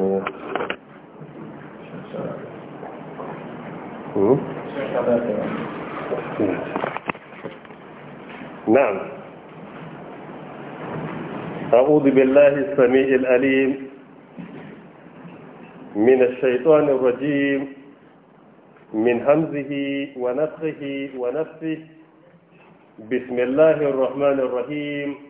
نعم. نعم أعوذ بالله السميع الأليم من الشيطان الرجيم من همزه ونفخه ونفسه بسم الله الرحمن الرحيم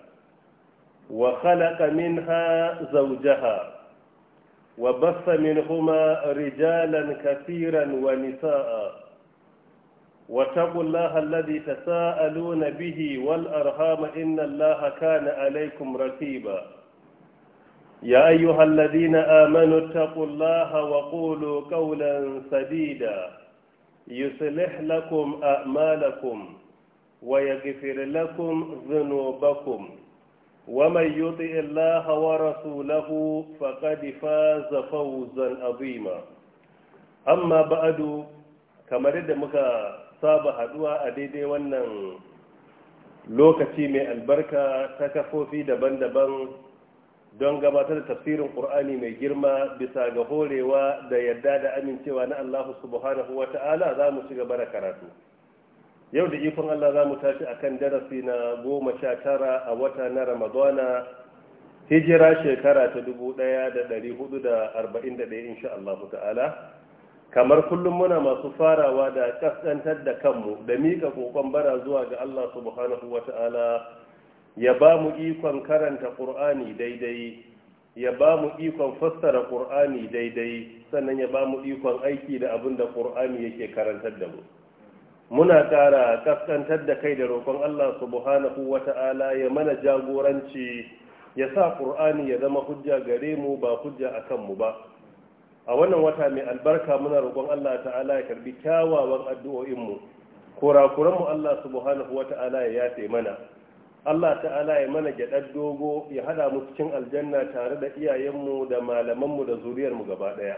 وخلق منها زوجها وبث منهما رجالا كثيرا ونساء واتقوا الله الذي تساءلون به والأرهام إن الله كان عليكم رقيبا يا أيها الذين آمنوا اتقوا الله وقولوا قولا سديدا يصلح لكم أعمالكم ويغفر لكم ذنوبكم ومن يطع الله ورسوله فقد فاز فوزا عظيما أما بعد كما رد مكا saba haɗuwa a daidai wannan lokaci mai albarka ta kafofi daban-daban don gabatar da tafsirin ƙur'ani mai girma bisa ga horewa da yadda da amincewa na Allah subhanahu za mu ci gaba da karatu yau da ikon Allah za mu tashi a kan darasi na goma sha tara a wata na Ramadana hijira shekara ta dubu ɗaya da ɗari hudu da arba'in da ɗaya insha Allah ta'ala. Kamar kullum muna masu farawa da ƙasƙantar da kanmu da miƙa ƙoƙon bara zuwa ga Allah subhanahu wa ta'ala ya ba mu ikon karanta ƙur'ani daidai ya ba mu ikon fassara ƙur'ani daidai sannan ya ba mu ikon aiki da abin da ƙur'ani yake karantar da mu. muna ƙara kaskantar da kai da roƙon Allah subhanahu wata'ala ya mana jagoranci ya sa ƙur'ani ya zama hujja gare mu ba hujja a kanmu ba a wannan wata mai albarka muna roƙon Allah ta'ala ya karbi kyawawan addu'o'inmu kurakuranmu Allah subhanahu wata'ala ya yafe mana Allah ta'ala ya mana gyaɗar dogo ya haɗa mu cikin aljanna tare da iyayenmu da malamanmu da zuriyarmu gaba ɗaya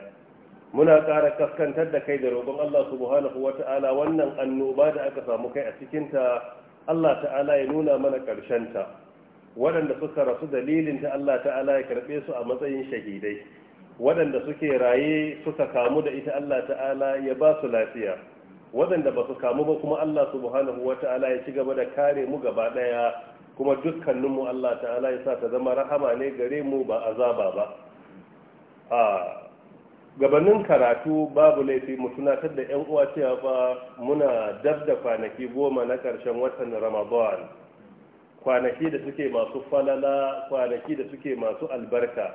muna ƙara kaskantar da kai da roƙon Allah subhanahu wa ta'ala wannan annoba da aka samu kai a cikinta Allah ta'ala ya nuna mana ƙarshen ta waɗanda suka rasu dalilin ta Allah ta'ala ya karɓe su a matsayin shahidai waɗanda suke raye suka kamu da ita Allah ta'ala ya ba su lafiya waɗanda ba su kamu ba kuma Allah subhanahu wa ya ci gaba da kare mu gaba ɗaya kuma dukkaninmu Allah ta'ala ya sa ta zama rahama ne gare mu ba azaba ba ah, gabanin karatu babu laifi mu tunatar da 'yan uwa cewa ba muna dab da kwanaki goma na ƙarshen watan ramadan kwanaki da suke masu falala kwanaki da suke masu albarka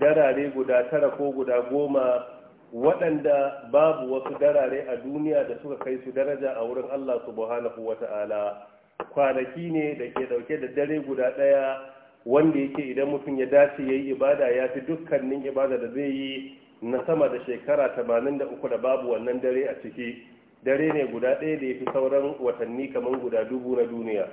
darare guda tara ko guda goma waɗanda babu wasu darare a duniya da suka kai su daraja a wurin allah subhanahu wata'ala kwanaki ne da ke ɗauke da dare guda ɗaya wanda yake idan mutum ya dace ya yi ibada ya fi dukkanin ibada da zai yi na sama da shekara 83 da babu wannan dare a ciki dare ne guda ɗaya da ya fi sauran watanni kamar guda dubu na duniya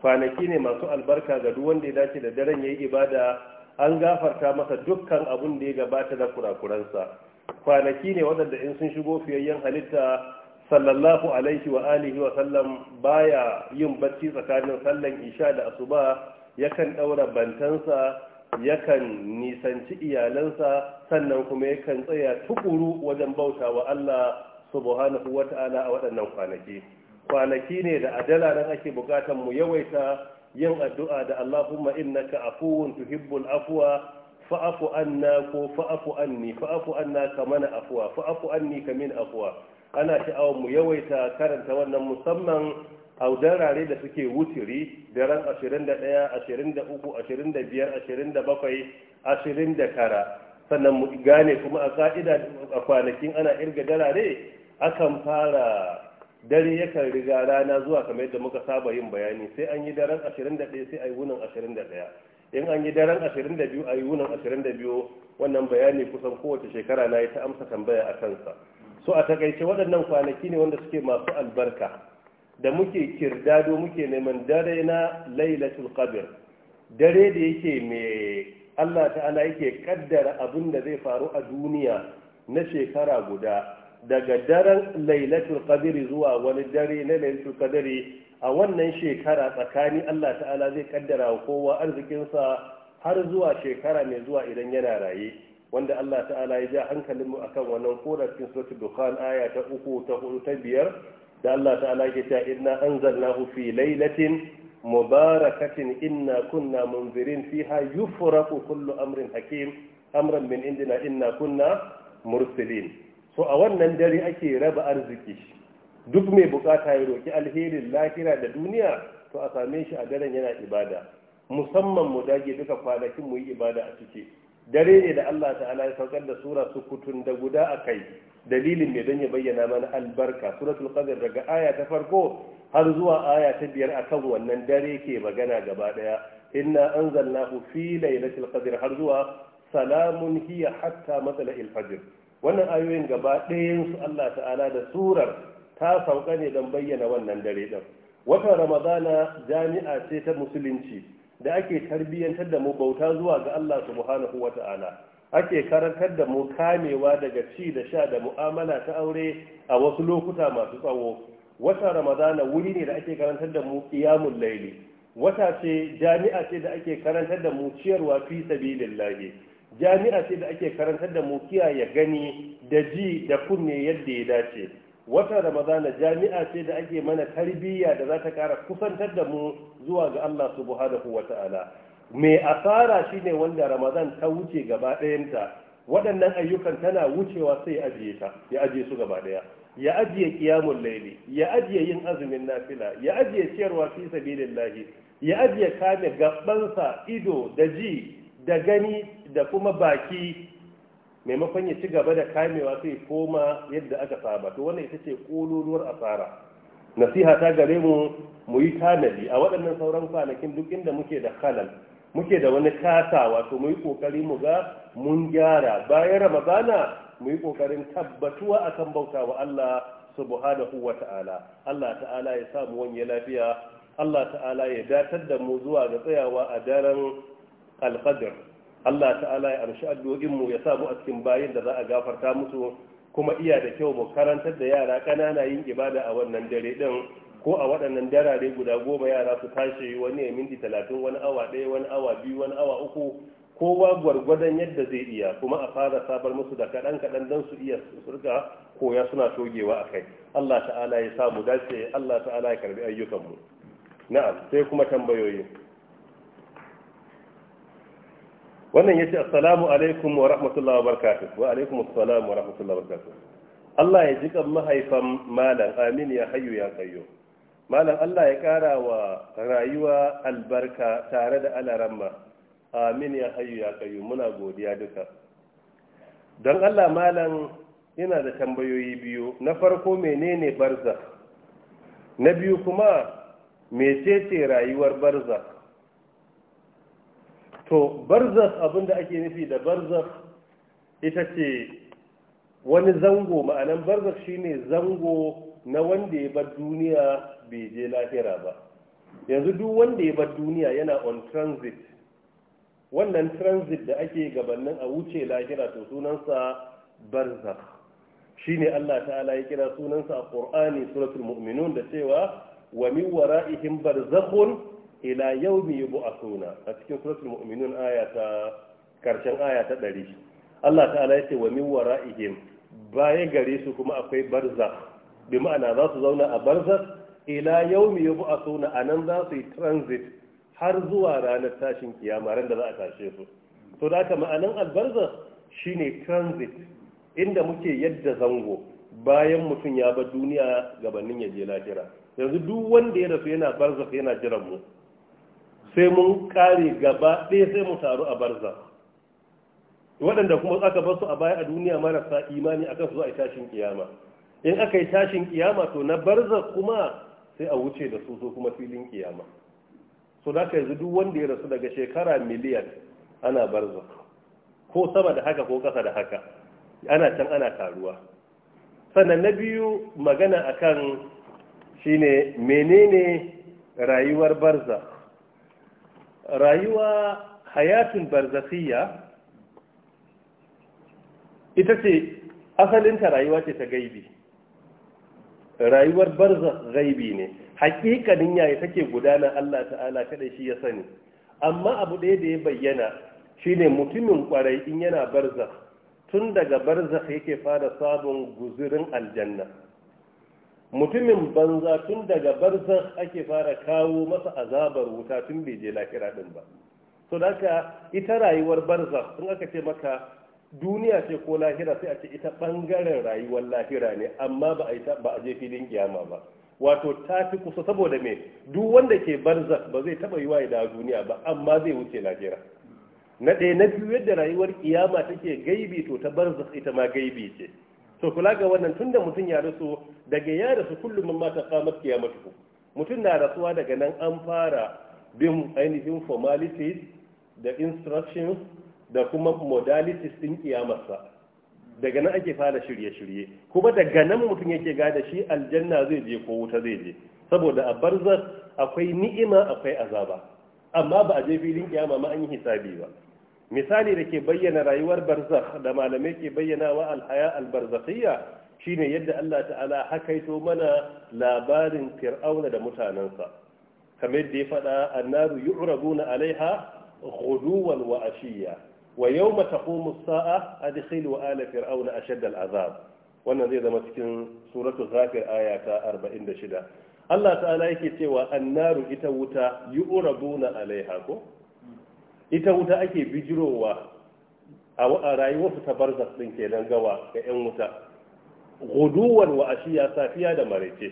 kwanaki ne masu albarka ga duk wanda ya dace da daren ya yi ibada an gafarta masa dukkan abun da ya gabata da kurakuransa kwanaki ne waɗanda in sun shigo fiyayyen halitta sallallahu alaihi wa alihi wa sallam baya yin bacci tsakanin sallan isha da asuba yakan ɗaura bantansa yakan nisanci iyalansa sannan kuma yakan tsaya tukuru wajen bauta wa Allah subhanahu wata'ala a waɗannan kwanaki kwanaki ne da adala nan ake bukatan mu yawaita yin addu'a da Allahumma innaka afuwun tuhibbul afwa fa'afu anna ko fa'afu anni fa'afu anna ka mana afuwa fa'afu anni ka min ana sha'awar mu yawaita karanta wannan musamman audarare da suke wutiri daren 21 23 25 29 sannan mu gane kuma a ka'ida a kwanakin ana irga darare akan fara dare yakan riga rana zuwa kamar yadda muka saba yin bayani sai an yi daren 21 sai a yi wunin 21 in an yi daren 22 a yi wunin 22 wannan bayani kusan kowace shekara na yi ta amsa tambaya a kansa so a takaice waɗannan kwanaki ne wanda suke masu albarka da muke kirdado muke neman dare na lailatul qadr dare da yake mai Allah ta'ala yake kaddara abin da zai faru a duniya na shekara guda daga daren lailatul qadr zuwa wani dare na lailatul qadr a wannan shekara tsakani Allah ta'ala zai kaddara wa kowa arzikinsa har zuwa shekara mai zuwa idan yana raye wanda Allah ta'ala ya ja hankalinmu akan wannan koda cikin suratul dukhan aya ta uku ta hudu ta biyar da Allah ta'ala ke ta inna anzalnahu fi lailatin mubarakatin inna kunna munzirin fiha yufraqu kullu amrin hakim amran min indina inna kunna mursalin so a wannan dare ake raba arziki duk mai bukata ya roki alherin lahira da duniya to a same shi a daren yana ibada musamman mu dage duka kwanakin mu yi ibada a ciki dare ne da Allah ta'ala ya saukar da sura kutun da guda a kai dalilin ne don ya bayyana mana albarka suratul qadr daga aya ta farko har zuwa aya ta biyar akan wannan dare ke magana gaba daya inna anzalnahu fi lailatul qadr har zuwa salamun hiya hatta al fajr wannan ayoyin gaba dayan su Allah ta'ala da surar ta sauka ne don bayyana wannan dare din watan ramadana jami'a ce ta musulunci da ake tarbiyyantar da mu bauta zuwa ga Allah subhanahu Ta'ala. ake karantar da mu kamewa daga ci da sha da mu'amala ta aure a wasu lokuta masu tsawo wata ramadana wuri ne da ake karantar da mu qiyamul laili wata ce jami'a ce da ake karantar da mu ciyarwa fi sabilillahi jami'a ce da ake karantar da mu kiyaye gani da ji da kunne yadda ya dace wata ramadana jami'a ce da ake mana tarbiyya da za ta kara kusantar da mu zuwa ga Allah subhanahu wata'ala mai asara shi ne wanda ramadan ta wuce gaba ɗayanta waɗannan ayyukan tana wucewa sai ya ajiye ya ajiye su gaba ɗaya ya ajiye kiyamun laili ya ajiye yin azumin nafila ya ajiye ciyarwa fi sabilillahi ya ajiye kame gabansa ido da ji da gani da kuma baki maimakon ya ci gaba da kamewa sai koma yadda aka saba to wannan ita ce kololuwar asara nasiha ta gare mu mu yi tanadi a waɗannan sauran kwanakin duk inda muke da halal muke da wani kasa wato mu yi kokari mu ga mun gyara bayan ramadana mu yi kokarin tabbatuwa akan bauta wa Allah subhanahu wa ta'ala Allah ta'ala ya samu wani lafiya Allah ta'ala ya datar da mu zuwa ga tsayawa a daren alqadr Allah ta'ala ya arshi addu'o'in mu ya samu a cikin bayin da za a gafarta musu kuma iya da kyau mu karantar da yara ƙanana yin ibada a wannan dare din ko a waɗannan darare guda goma yara su tashi wani ya minti talatin wani awa ɗaya wani awa biyu wani awa uku kowa gwargwadon yadda zai iya kuma a fara sabar musu da kaɗan kaɗan don su iya surga koya suna togewa a kai allah ta'ala ya sa mu dace allah ta'ala ya karbi ayyukanmu na'am sai kuma tambayoyi wannan ya ce assalamu alaikum wa rahmatullahi wa barakatuh wa alaikum assalamu wa rahmatullahi wa barakatuh Allah ya jiƙa mahaifan malam amin ya hayu ya kayo malam Allah ya ƙara wa rayuwa albarka tare da alaramma amin ya hayu ya kayu muna godiya duka don Allah malam ina da tambayoyi biyu na farko menene barza na biyu kuma mecece rayuwar barza to Barza abinda ake nufi da Barza ita ce wani zango ma'anan Barza shine zango na wanda ya bar duniya bai je lahira ba yanzu duk wanda ya bar duniya yana on transit wannan transit da ake gabanin a wuce lahira to sunansa barzakh shine Allah ta'ala ya kira sunansa a Qur'ani suratul mu'minun da cewa wa min wara'ihim barzakhun ila yawmi yub'athuna a cikin suratul mu'minun aya ta karshen aya ta 100 Allah ta'ala ya ce wa min wara'ihim baya gare su kuma akwai barzakh bi ma'ana za su zauna a barzas ila yawmi yub'athuna anan za su yi transit har zuwa ranar tashin kiyama ran da za a tashe su to da haka ma'anan shi shine transit inda muke yadda zango bayan mutum ya bar duniya gabanin ya je lahira yanzu duk wanda ya rasu yana barzas yana jiran mu sai mun kare gaba ɗaya sai mu taru a barzas waɗanda kuma aka basu a baya a duniya marasa imani akan su a tashin kiyama in aka yi tashin kiyama to na barza kuma sai a wuce da su so kuma filin kiyama so da yanzu duk wanda ya rasu daga shekara miliyan ana barza ko sama da haka ko kasa da haka ana can ana taruwa sannan na biyu magana akan shine menene rayuwar barza rayuwa hayatun barzasiya? ita ce asalinta rayuwa ce ta gaibi rayuwar barza zaibi ne hakikanin yaya take gudana Allah ta'ala kada shi ya sani amma abu ɗaya da ya bayyana shine mutumin kwarai in yana barza tun daga barza yake fara sabon guzurin aljanna mutumin banza tun daga barza ake fara kawo masa azabar wuta tun bai je lafira din ba to da ita rayuwar barza in aka ce maka duniya ce ko lahira sai a ce ita bangaren rayuwar lahira ne amma ba a yi je filin kiyama ba wato ta fi kusa saboda me duk wanda ke barzak ba zai taba yiwa da duniya ba amma zai wuce lahira na ɗaya na biyu yadda rayuwar kiyama take gaibi to ta barzak ita ma gaibi ce to kula ga wannan tunda mutum ya rasu daga ya rasu kullum ma ta kamar kiyamatu mutum na rasuwa daga nan an fara bin ainihin formalities da instructions da kuma modalities ɗin kiyamarsa daga nan ake fara shirye-shirye kuma daga nan mutum yake gada shi aljanna zai je ko wuta zai je saboda a barzar akwai ni'ima akwai azaba amma ba a je filin kiyama ma an yi hisabi ba misali da ke bayyana rayuwar barzak da malamai ke bayyana wa alhaya albarzakhiyya shine yadda Allah ta'ala hakaito mana labarin fir'auna da mutanansa kamar da ya faɗa annaru yu'raduna alaiha ghuduwan wa ashiya wa yau mata sa'a a dikhilu ala fir'auna a al'azab azab wannan zai zama cikin suratu ghafir aya ta 46 Allah ta'ala yake cewa annaru ita wuta yu'rabuna alaiha ko ita wuta ake bijirowa a rayuwarsu ta barzas din kenan gawa ga yan wuta guduwan wa ashiya safiya da maraice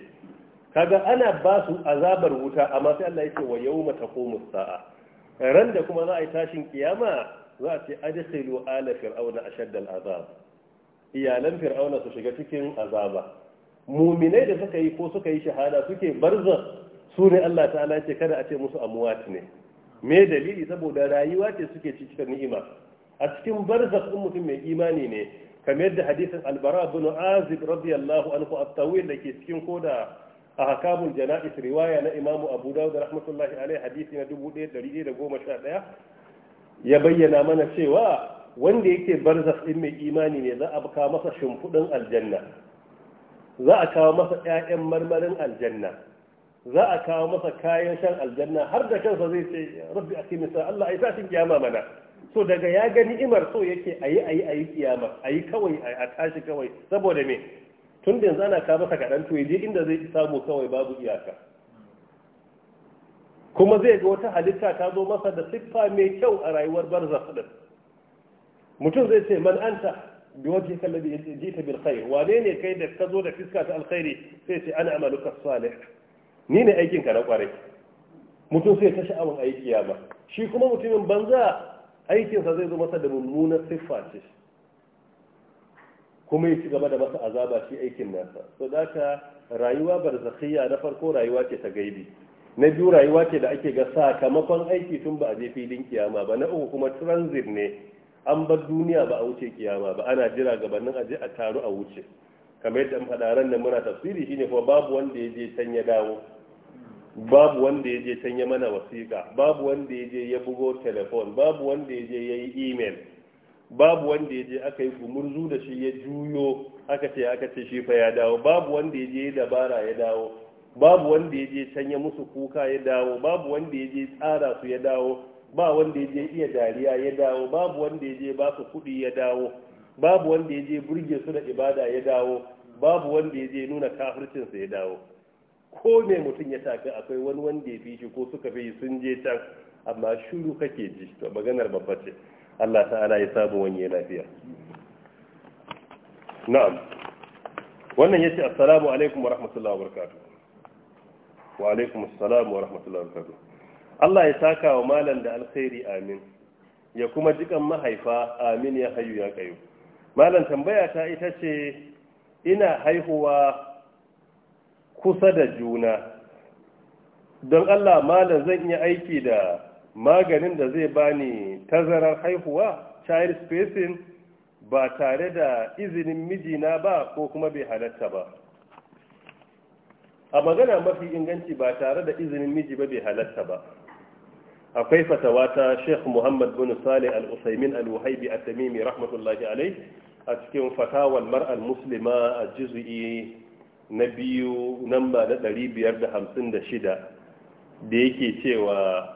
kaga ana ba su azabar wuta amma sai Allah yake wa yawma taqumu sa'a ran da kuma za a yi tashin kiyama za a ce adkhilu ala fir'auna shaddal al'azab iyalan fir'auna su shiga cikin azaba muminai da suka yi ko suka yi shahada suke barza su ne Allah ta'ala ce kada a ce musu amwat ne me dalili saboda rayuwa ce suke cikin ni'ima a cikin barza kun mutum mai imani ne kamar yadda hadisin albara ibn azib radiyallahu anhu at-tawil da ke cikin koda a hakamul janaiz riwaya na imamu abu dawud rahmatullahi alaihi hadisi na 1111 ya bayyana mana cewa wanda yake barzakh din mai imani ne za a kawo masa shimfudin aljanna za a kawo masa ƴaƴan marmarin aljanna za a kawo masa kayan shan aljanna har da kansa zai ce rabbi akimi sa Allah ai tashin kiyama mana so daga ya ga ni'imar so yake ayi ayi ayi kiyama ayi kawai a tashi kawai saboda me tun da yanzu ana masa kaɗan to je inda zai samu kawai babu iyaka kuma zai ga wata halitta ta zo masa da siffa mai kyau a rayuwar su din mutum zai ce man anta bi wajhi alladhi jita bil khair wane ne kai da ka zo da fiska ta alkhairi sai ce ana amaluka salih ni ne aikin ka na kwarai mutum sai ta sha'awar aiki ya ba shi kuma mutumin banza aikinsa zai zo masa da mummunar siffa ce kuma ya ci gaba da masa azaba shi aikin nasa so da rayuwa barzakhiyya na farko rayuwa ce ta gaibi na biyu rayuwa ce da ake ga sakamakon aiki tun ba a je filin kiyama ba na uku kuma transit ne an bar duniya ba a wuce kiyama ba ana jira gabanin je a taru a wuce kamar yadda faɗa nan muna tafsiri shine kuma babu wanda ya je can ya dawo babu wanda ya je can ya mana wasiƙa babu wanda ya je ya bugo telefon babu wanda ya je ya yi email babu wanda ya je aka yi gumurzu da shi ya juyo aka ce aka ce shi fa ya dawo babu wanda ya je ya dabara ya dawo babu wanda ya je can musu kuka ya dawo babu wanda ya je tsara su ya dawo ba wanda ya je iya dariya ya dawo babu wanda ya je ba su kuɗi ya dawo babu wanda ya je burge su da ibada ya dawo babu wanda ya je nuna kafircinsa ya dawo ko me mutum ya tafi akwai wani wanda ya fi shi ko suka fi sun je can amma shuru kake ji to maganar babba ce Allah ta'ala ya samu wani lafiya na'am wannan yace assalamu alaikum wa rahmatullahi wa barakatuh wa alaikum assalamu wa rahmatullahi wa barakatuh Allah ya saka wa malam da alkhairi amin ya kuma jikan mahaifa amin ya hayu ya kayu malam tambaya ta ita ce ina haihuwa kusa da juna don Allah malam zan iya aiki da maganin da zai bani tazarar haihuwa child spacing ba tare da izinin mijina ba ko kuma bai halatta ba a magana mafi inganci ba tare da izinin miji ba bai halatta ba akwai fatawa ta Sheikh Muhammad bin Salih al usaimin Al-Wahibi a tamimi rahmatullahi alayh a cikin fatawar mar'al muslima a juz'i na biyu namba na 556 da yake cewa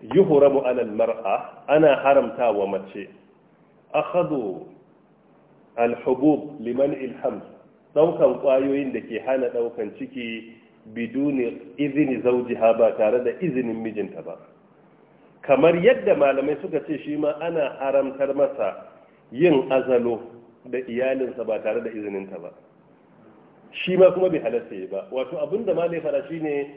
yi 'ala mara ana haramta wa mace akhadu al-hubub liman al ɗaukan kwayoyin da ke hana ɗaukan ciki biduni izini zaujiha ba tare da izinin mijinta ba kamar yadda malamai suka ce shi ma ana haramtar masa yin azalo da iyalinsa ba tare da izininta ba shi ma kuma bai halatta ba wato abinda malai fara shi ne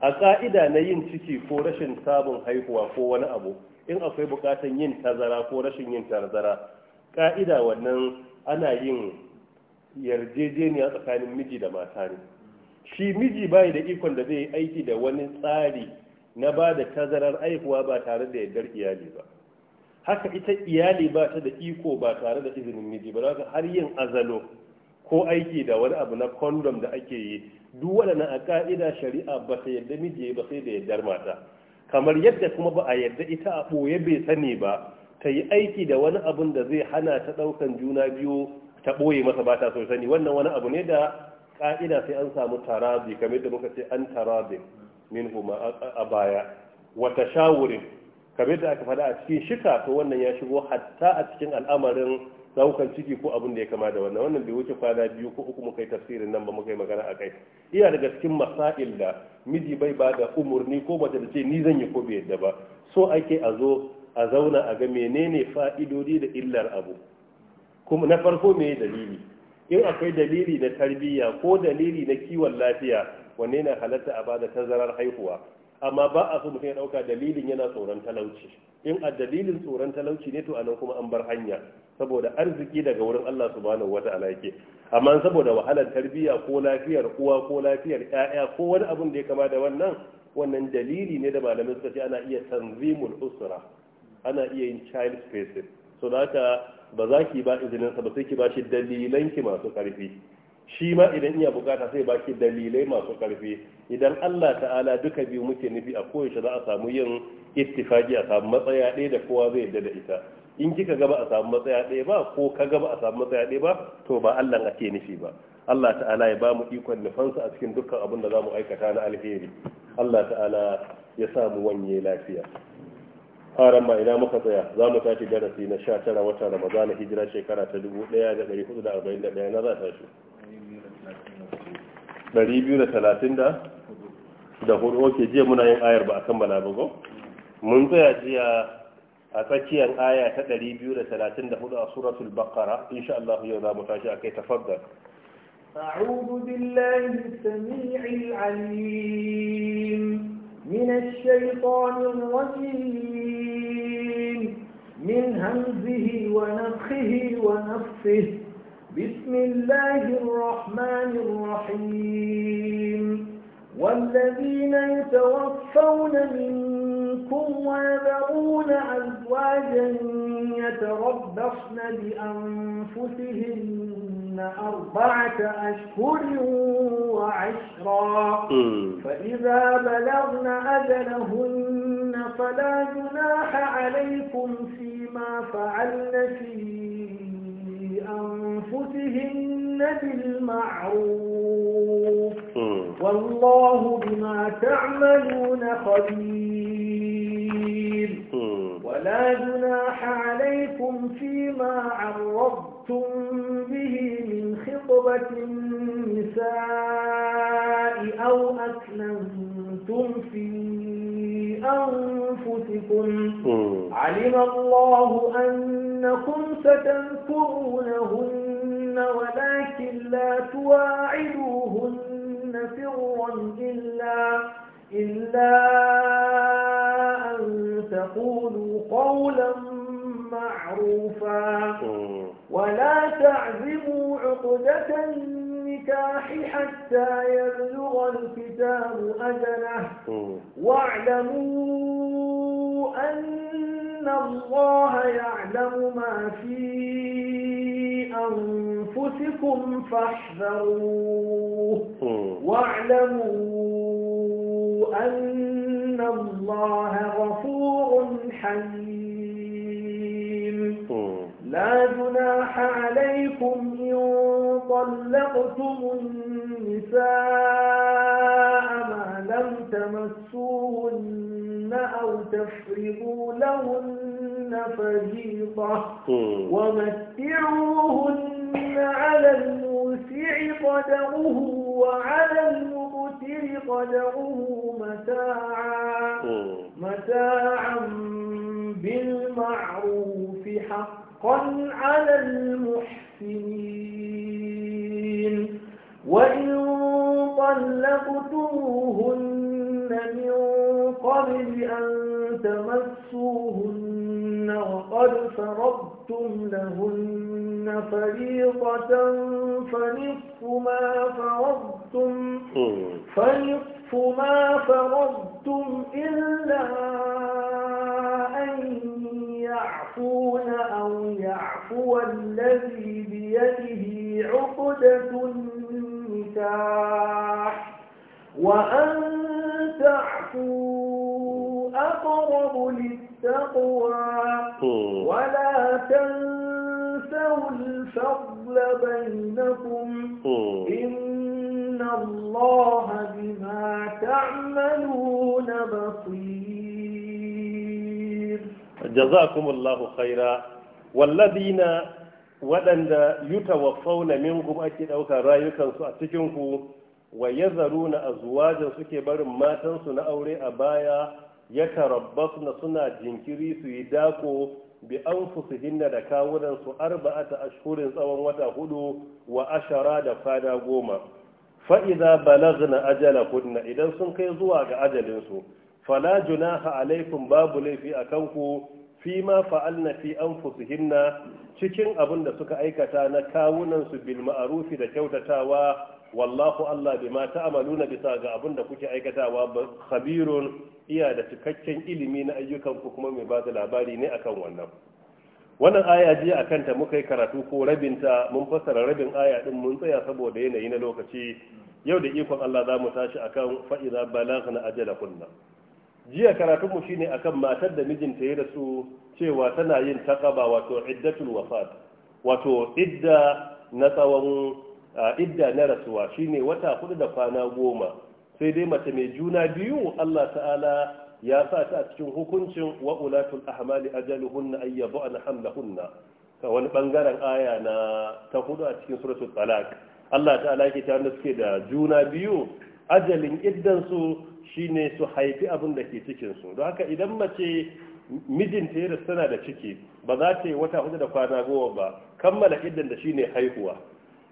a ƙa'ida na yin ciki ko rashin sabon haihuwa ko wani abu in akwai buƙatar yin tazara ko rashin yin tazara ƙa'ida wannan ana yin yarjejeniya tsakanin miji da mata ne shi miji bai da ikon da zai aiki da wani tsari na ba da tazarar aihuwa ba tare da yardar iyali ba haka ita iyali ba ta da iko ba tare da izinin miji ba haka har yin azalo ko aiki da wani abu na kondom da ake yi duk wadana a ka'ida shari'a ba ta yadda miji ba sai da yardar mata kamar yadda kuma ba a yadda ita a ɓoye bai sani ba ta yi aiki da wani abun da zai hana ta ɗaukan juna biyu ta ɓoye masa ba ta so sani wannan wani abu ne da ƙa'ida sai an samu tarabi kamar da muka ce an tarabi min huma a baya wata shawurin kamar da aka faɗa a cikin shika to wannan ya shigo hatta a cikin al'amarin daukan ciki ko abin da ya kama da wannan wannan bai wuce kwana biyu ko uku muka yi tafsirin nan ba muka yi magana a kai iya daga cikin masail da miji bai ba da umurni ko bata da ce ni zan yi ko bai yadda ba so ake a zo a zauna a ga menene fa'idodi da illar abu kuma na farko mai dalili in akwai dalili na tarbiyya ko dalili na kiwon lafiya wanne na halatta a bada tazarar haihuwa amma ba a so mutum ya dauka dalilin yana tsoron talauci in a dalilin tsoron talauci ne to anan kuma an bar hanya saboda arziki daga wurin Allah subhanahu wata'ala yake amma saboda wahalar tarbiyya ko lafiyar uwa ko lafiyar ƴaƴa ko wani abun da ya kama da wannan wannan dalili ne da malamin suka ce ana iya tanzimul usra ana iya yin child spacing so da haka ba za ki ba izinin sa ba sai ki ba shi dalilan ki masu ƙarfi shi ma idan iya bukata sai ba ki dalilai masu ƙarfi idan Allah ta'ala duka biyu muke nufi a koyaushe za a samu yin ittifaki a samu matsaya ɗaya da kowa zai yarda da ita in kika gaba a samu matsaya ɗaya ba ko ka gaba a samu matsaya ɗaya ba to ba Allah ake nufi ba Allah ta'ala ya ba mu ikon nufansa a cikin dukkan abin da za mu aikata na alheri Allah ta'ala ya sa mu wanye lafiya haram ma ina muka tsaya za mu tashi darasi na 19 watan ramadana hijira shekara ta dubu da da da hudu arba'in 1441 na za ta shi biyu da talatin da hudu ok jiya muna yin ayar ba a kammala ba ko mun tsaya jiya a tsakiyar aya ta biyu da da talatin hudu a suratul bakara insha Allah yau za mu tashi akai tafaddal أعوذ بالله السميع العليم من الشيطان الرجيم من همزه ونفخه ونفخه بسم الله الرحمن الرحيم والذين يتوفون منكم ويذرون أزواجا يتربصن بأنفسهن أربعة أشهر وعشرا فإذا بلغن أجلهن فلا جناح عليكم فيما فعلن في أنفسهن بالمعروف والله بما تعملون خبير ولا جناح عليكم فيما عرضتم به من خطبة النساء أو أكلمتم في أنفسكم علم الله أنكم ستنكرونهن ولكن لا تواعدوهن سرا إلا إلا أن تقولوا قولا معروفا ولا تعزموا عقدة النكاح حتى يبلغ الكتاب أجله واعلموا أن الله يعلم ما في أنفسكم فاحذروه واعلموا أن الله غفور حليم لا جناح عليكم إن طلقتم النساء ما لم تمسوهن أو تفرضوا لهن فريضة ومتعوهن على الموسع قدره وعلى المقتر قدره متاعا متاعا حقا على المحسنين وإن طلقتموهن من قبل أن تمسوهن وقد فرضتم لهن فريضة فنصف ما فرضتم فنصف ما فرضتم إلا أن يعفون أو يعفو الذي بيده عقدة النكاح وأن تعفوا أقرب للتقوى ولا تنسوا الفضل بينكم إن الله بما تعملون بصير jazakumullahu khaira walladina waɗanda yutawaffauna minkum ake ɗaukar rayukansu a cikin ku wa yazaruna azwajan suke barin matansu na aure a baya ya na suna jinkiri su yi dako bi dina da kawunan su arba'ata ashhurin tsawon wata hudu wa ashara da fada goma fa na ajala kunna idan sun kai zuwa ga ajalinsu fala junaha alaikum babu laifi a kanku. fi ma fa'alna fi hinna cikin abin da suka aikata na kawunansu su bil da kyautatawa wallahu Allah bima na bisa ga abin da kuke aikatawa khabirun iya da cikakken ilimi na ayyukanku kuma mai bada labari ne akan wannan wannan aya jiya a kanta muka yi karatu ko rabinta mun fassara rabin aya din mun tsaya saboda yanayi na lokaci yau da ikon Allah za mu tashi akan fa'iza balaghna ajalakunna jiya karatunmu mu shine akan matar da mijinta ya rasu cewa tana yin taqaba wato iddatul wafat wato idda na tsawon idda na rasuwa shine wata hudu da kwana goma sai dai mace mai juna biyu Allah ta'ala ya sa ta a cikin hukuncin wa ulatul ahmali ajaluhunna ayyabu an hamlahunna ka wani bangaren aya na ta hudu a cikin suratul talaq Allah ta'ala yake ta suke da juna biyu ajalin iddan su shine su haifi abin da ke cikinsu, su don haka idan mace mijinta ya tana da ciki ba za ta yi wata hudu da kwana goma ba kammala idan da shine haihuwa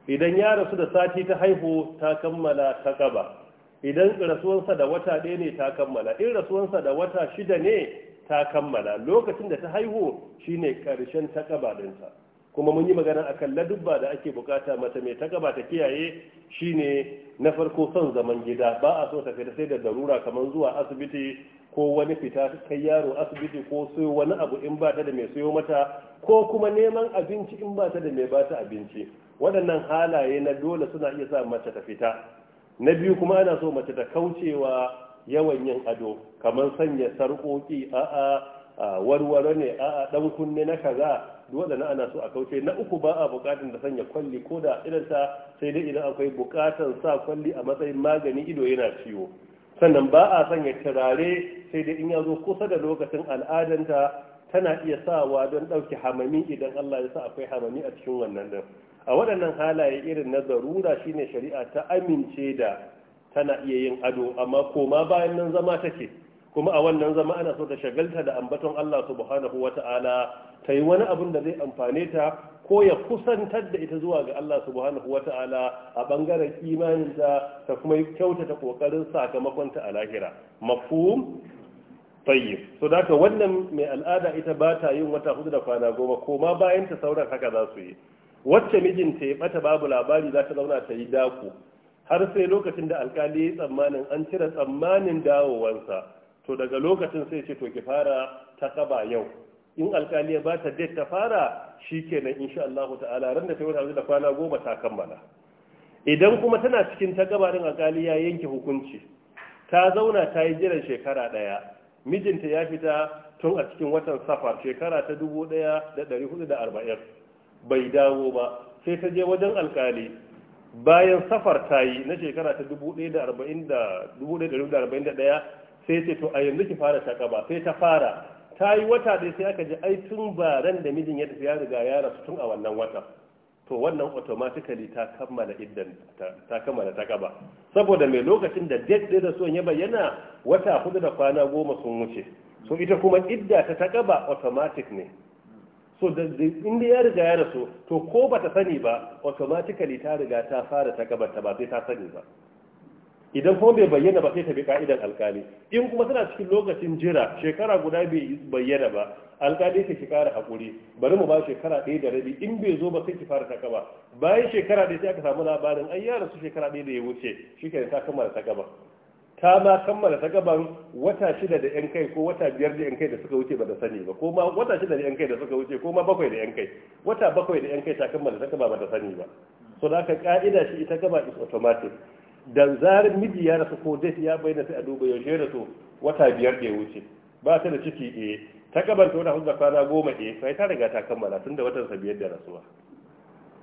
idan ya rasu da sati ta haihu ta kammala ta gaba idan rasuwansa da wata ɗaya ne ta kammala in rasuwansa da wata shida ne ta kammala lokacin da ta haihu shine ƙarshen ta gaba ɗinsa kuma mun yi magana akan ladubba da ake bukata mata mai ta gaba ta kiyaye shine na farko son zaman gida ba a so ta fita sai da darura kamar zuwa asibiti ko wani fita kai yaro asibiti ko sayo wani abu in ba ta da mai sayo mata ko kuma neman abinci in ba ta da mai ba ta abinci waɗannan halaye na dole suna iya sa mace ta fita na biyu kuma ana so mace ta kaucewa yawan yin ado kamar sanya sarƙoƙi a'a warware ne a'a ɗan kunne na kaza duk waɗannan ana so a kauce na uku ba a buƙatar da sanya kwalli ko da irin ta sai dai idan akwai buƙatar sa kwalli a matsayin magani ido yana ciwo sannan ba a sanya turare sai dai in ya zo kusa da lokacin al'adanta tana iya sawa don ɗauki hamami idan Allah ya sa akwai hamami a cikin wannan din a waɗannan halaye irin na zarura shine shari'a ta amince da tana iya yin ado amma koma bayan nan zama take kuma a wannan zama ana so ta shagalta da ambaton Allah subhanahu wata'ala ta yi wani abin da zai amfane ta ko ya kusantar da ita zuwa ga Allah subhanahu wata'ala a bangaren imanin ta ta kuma kyautata kokarin sakamakon ta a lahira mafhum tayyib so daga wannan mai al'ada ita ba ta yin wata hudu da kwana goma ko ma bayan ta sauran haka za su yi wacce mijinta ya bata babu labari za ta zauna ta yi daku? har sai lokacin da alkali ya tsammanin an cire tsammanin dawowansa to daga lokacin sai ce to ki fara ta kaba yau in alkali ba ta date ta fara shikenan insha Allah ta'ala ran da ta wuce da kwana goma ta kammala idan kuma tana cikin ta gaba din alkali ya yanke hukunci ta zauna ta yi jiran shekara daya mijinta ya fita tun a cikin watan safar shekara ta 1440 bai dawo ba sai ta je wajen alkali bayan safar ta yi na shekara ta sai ce to a yanzu ki fara takaba sai ta fara ta yi wata dai sai aka ji ai tun baran da mijin ya tafi ya riga ya rasu tun a wannan wata to wannan automatically ta kammala iddan ta kammala ta takaba saboda mai lokacin da date da son ya bayyana wata hudu da kwana goma sun wuce so ita kuma idda ta kaba automatic ne so da inda ya riga ya rasu to ko bata sani ba automatically ta riga ta fara ta kaba ta ba sai ta sani ba idan kuma bai bayyana ba sai ta bi ka'idar alkali in kuma tana cikin lokacin jira shekara guda bai bayyana ba alkali sai ki kara hakuri bari mu ba shekara ɗaya da rabi in bai zo ba sai ki fara ta ba bayan shekara ɗaya sai aka samu labarin ai yara su shekara ɗaya da ya wuce shi ta kammala ta gaba ta ma kammala ta gaban wata shida da yan kai ko wata biyar da yan kai da suka wuce ba da sani ba ko ma wata shida da yan kai da suka wuce ko ma bakwai da yan kai wata bakwai da yan kai ta kammala ta gaba ba da sani ba so da aka ka'ida shi ita gaba is automatic da zarar miji ya rasu ko dai ya bayyana sai a duba yaushe da to wata biyar da ya wuce ba ta da ciki eh ta gabanta wata hujja kwana goma eh sai ta riga ta kammala tunda watan sa biyar da rasuwa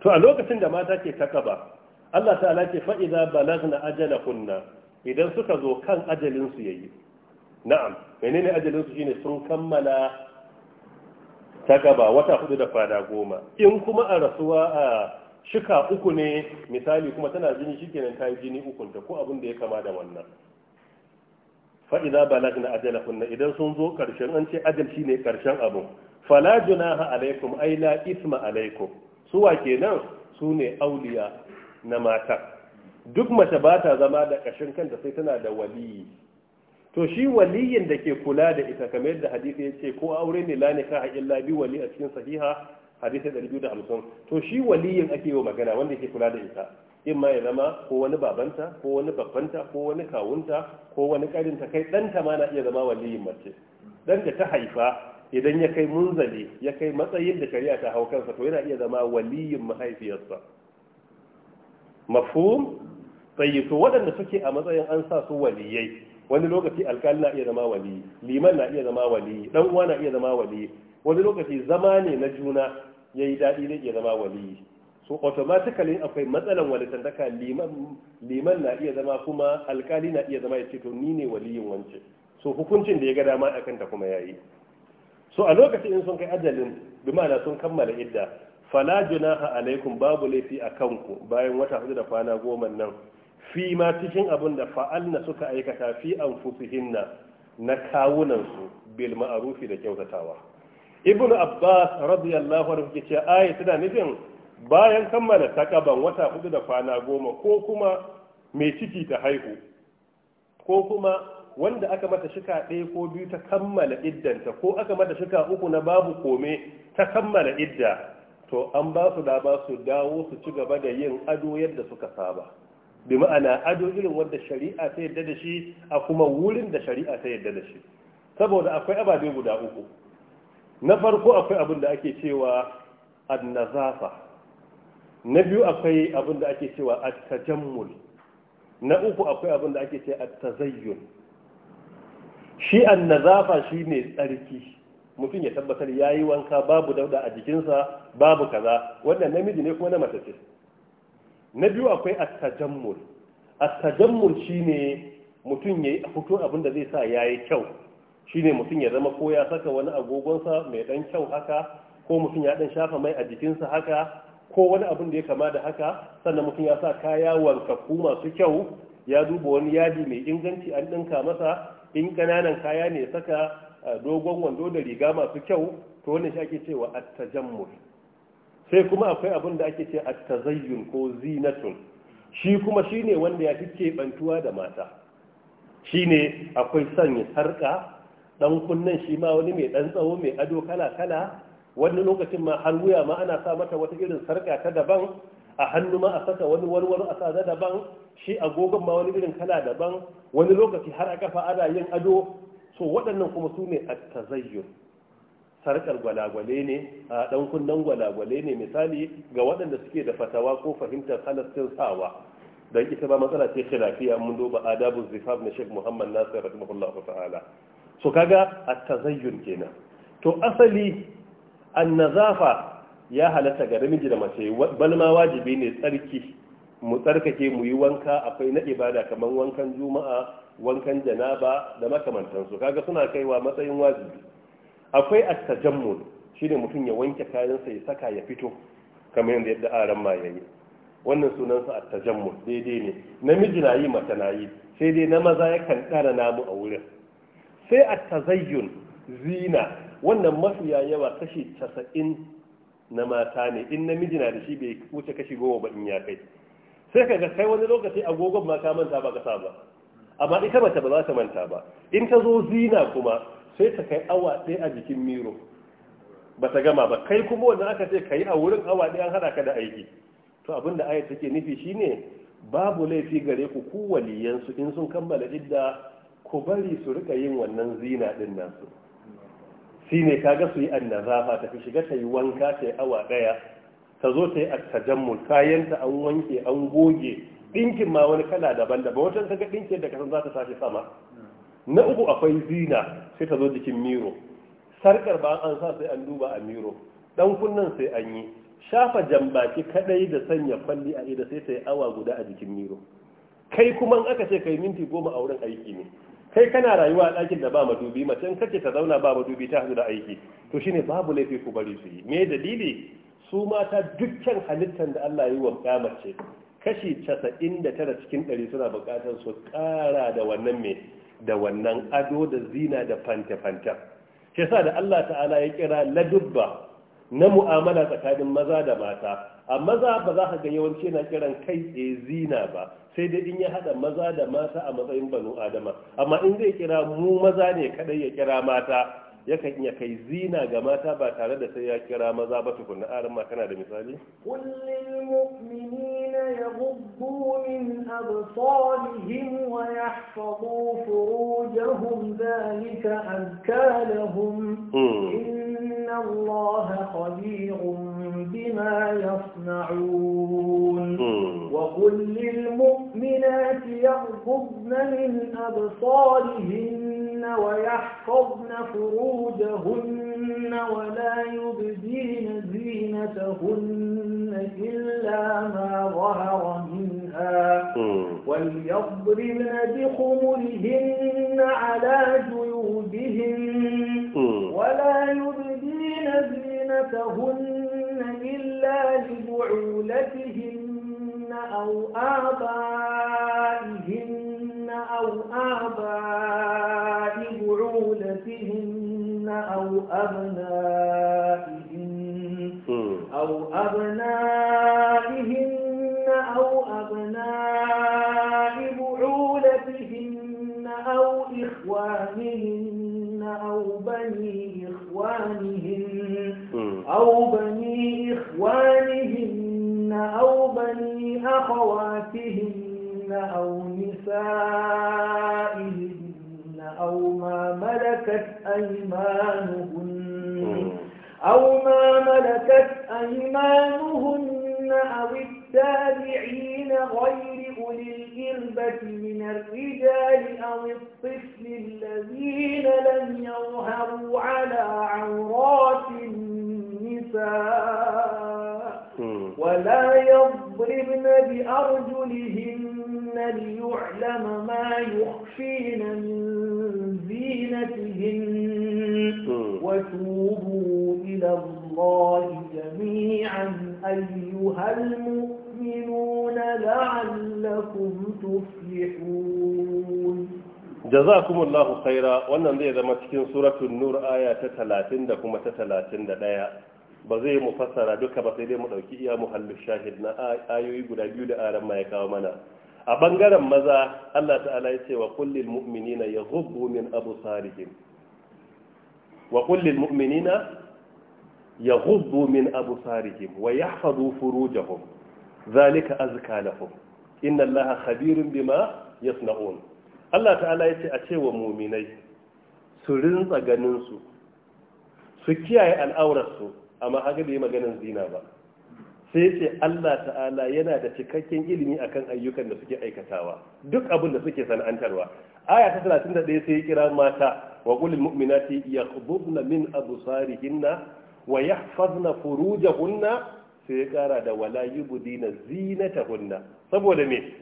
to a lokacin da mata ke takaba Allah ta'ala ce fa idza balagna ajalahunna idan suka zo kan ajalin su yayi na'am menene ajalin su shine sun kammala ta takaba wata hudu da kwana goma in kuma a rasuwa a shika uku ne misali kuma tana jini shikenan ta yi jini ukun ta ko abin da ya kama da wannan fa'iza balagna kunna idan sun zo karshen an ce ajal shi ne karshen abu fala junaha alaikum ai la isma alaikum suwa kenan su ne auliya na mata duk mace ba ta zama da kashin kanta sai tana da waliyi to shi waliyin da ke kula da ita kamar yadda hadisi ya ce ko aure ne la nikaha illa bi wali a cikin sahiha hadisi hamsin to shi waliyin ake yi magana wanda yake kula da ita in ma ya zama ko wani babanta ko wani babbanta ko wani kawunta ko wani ƙarinta kai ɗanta ma na iya zama waliyin mace ɗan da ta haifa idan ya kai munzali ya kai matsayin da shari'a ta hau kansa to yana iya zama waliyin mahaifiyarsa mafhum tayyib to waɗanda suke a matsayin an sa su waliyai wani lokaci alkali na iya zama waliyi liman na iya zama waliyi dan uwa na iya zama waliyi wani lokaci zama ne na juna ya yi daɗi zai iya zama waliyi so automatically akwai matsalan walitantaka liman na iya zama kuma alkali na iya zama ya ce to ni ne waliyin wance so hukuncin da ya ga dama a kanta kuma ya yi so a lokacin in sun kai ajalin bi sun kammala idda fala junaha alaikum babu laifi a kanku bayan wata hudu da kwana goma nan fi ma cikin abin da fa'alna suka aikata fi anfusihinna na kawunan kawunansu bil ma'arufi da kyautatawa ibn abbas radiyallahu anhu ke ce ayi tana nufin bayan kammala takaban wata hudu da kwana goma ko kuma mai ciki ta haihu ko kuma wanda aka mata shika ɗaya ko biyu ta kammala iddanta ko aka mata shika uku na babu kome ta kammala idda to an ba su da ba su dawo su ci gaba da yin ado yadda suka saba bi ma'ana ado irin wanda shari'a ta yadda da shi a kuma wurin da shari'a ta yadda da shi saboda akwai ababe guda uku na farko akwai abin da ake cewa annazafa na biyu akwai abin da ake cewa at na uku akwai abin da ake cewa attazayyun. shi annazafa shine tsarki mutum ya tabbatar yayi wanka babu dauda a jikinsa babu kaza wannan namiji ne kuma na mace ce na biyu akwai attajammul attajammul shi ne shine mutum yayi fito abin da zai sa yayi kyau shine mutum ya zama ko ya saka wani agogonsa mai ɗan kyau haka ko mutum ya ɗan shafa mai a jikinsa haka ko wani abin da ya kama da haka sannan mutum ya sa kaya wankakku masu kyau ya duba wani yadi mai inganci an ɗinka masa in ƙananan kaya ne saka dogon wando da riga masu kyau to wannan shi ake cewa attajammul sai kuma akwai abin da ake ce tazayyun ko zinatun shi kuma shine wanda ya fi keɓantuwa da mata shine akwai sanya sarƙa dan kunnen shi ma wani mai dan tsawo mai ado kala kala wani lokacin ma har wuya ma ana sa mata wata irin sarka ta daban a hannu ma a saka wani warwaro a sada daban shi agogon ma wani irin kala daban wani lokaci har a kafa ana yin ado so waɗannan kuma su ne a tazayyur sarkar gwalagwale ne a ɗan kunnen gwalagwale ne misali ga waɗanda suke da fatawa ko fahimtar halastin sawa don ita ba matsala ce lafiya mun duba adabu zifab na sheikh muhammad nasir rahimahullahu ta'ala Su kaga ga tazayyun kenan to asali an-nazafa ya halatta ga namiji da mace balma wajibi ne tsarki mu tsarkake mu yi wanka akwai na ibada kamar wankan juma'a wankan janaba da makamantansu kaga suna kaiwa matsayin wajibi akwai at-tajammul shine mutum ya wanke kayansa ya saka ya fito kamar yadda yadda aran ma yayi wannan sunansa at-tajammul daidai ne namiji na yi mace na yi sai dai na maza yakan tsara namu a wurin sai a tazayyun zina wannan mafiya yawa kashi casa'in na mata ne in namiji na da shi bai wuce kashi goma ba in ya kai sai ka ga kai wani lokaci agogon ma ka manta ba ka sa ba amma ita mace ba za ta manta ba in ta zo zina kuma sai ta kai awa ɗaya a jikin miro ba ta gama ba kai kuma wannan aka ce ka yi a wurin awa ɗaya an haɗa ka da aiki to abin da ayat take nufi shine babu laifi gare ku ku waliyansu in sun kammala idda ku bari su rika yin wannan zina din nasu shi ne kaga su yi annazafa ta fi shiga ta yi wanka ta yi awa daya ta zo ta yi a attajammul kayanta an wanke an goge ɗinkin ma wani kala daban daban wajen ga ɗinkin da kasan za ta tashi sama na uku akwai zina sai ta zo jikin miro sarkar ba an sa sai an duba a miro dan kunnan sai an yi shafa jan baki kaɗai da sanya kwalli a ida sai ta yi awa guda a jikin miro kai kuma in aka ce kai minti goma a wurin aiki ne kai kana rayuwa a ɗakin da ba madubi mace in kace ta zauna ba madubi ta hadu da aiki to shine babu laifi ku bari su yi me dalili su mata dukkan halittar da Allah yi wa mace kashi 99 cikin 100 suna buƙatar su ƙara da wannan me da wannan ado da zina da fanta-fanta shi yasa da Allah ta'ala ya kira ladubba na mu'amala tsakanin maza da mata a maza ba za ka ga yawanci na kiran kai tsaye zina ba sai dai in ya hada maza da mata a matsayin banu adama amma in zai kira mu maza ne kadai ya kira mata yakan iya kai zina ga mata ba tare da sai ya kira maza ba tukunna aran ma kana da misali kullil mu'minin يغضوا من أبصارهم ويحفظوا فروجهم ذلك أذكى لهم إن الله خبير بما يصنعون وقل للمؤمنات يغضبن من أبصارهن ويحفظن فروجهن ولا يبدين زينتهن إلا ما ظهر ظهر منها وليضربن بخمرهن على جيوبهن ولا يبدين زينتهن إلا لبعولتهن أو آبائهن أو آباء بعولتهن أو أبنائهن أو أبنائهن أزواجهن أو بني إخوانهن أو بني إخوانهن أو بني أخواتهن أو نسائهن أو ما ملكت أيمانهن أو ما ملكت أيمانهن أو التابعين غير أولي الإربة من الرجال أو الطفل الذين لم يظهروا على عورات النساء ولا يضربن بأرجلهن ليعلم ما يخفين من زينتهن وتوبوا إلى الله جميعا أيها المؤمنون المؤمنون لعلكم تفلحون جزاكم الله خيرا wannan zai zama cikin suratul nur aya ta 30 da kuma ta 31 ba zai mu fassara duka ba sai dai mu dauki iya muhallu shahid na ayoyi guda biyu da aran ma ya kawo mana a bangaren maza Allah ta'ala ya ce wa kullil mu'minina yaghuddu min absarihim wa kullil mu'minina yaghuddu min absarihim wa yahfazu furujahum zalika azka lahum inna allaha khabirun bima yasna'un Allah ta'ala yace a cewa muminai su rinza ganin su su kiyaye al'aurar su amma haka bai maganin zina ba sai ce Allah ta'ala yana da cikakken ilimi akan ayyukan da suke aikatawa duk abin da suke sana'antarwa aya ta 31 sai ya kira mata wa qulil mu'minati yaghdubna min absarihinna wa yahfazna furujahunna sai ya kara da wala ta hunna saboda me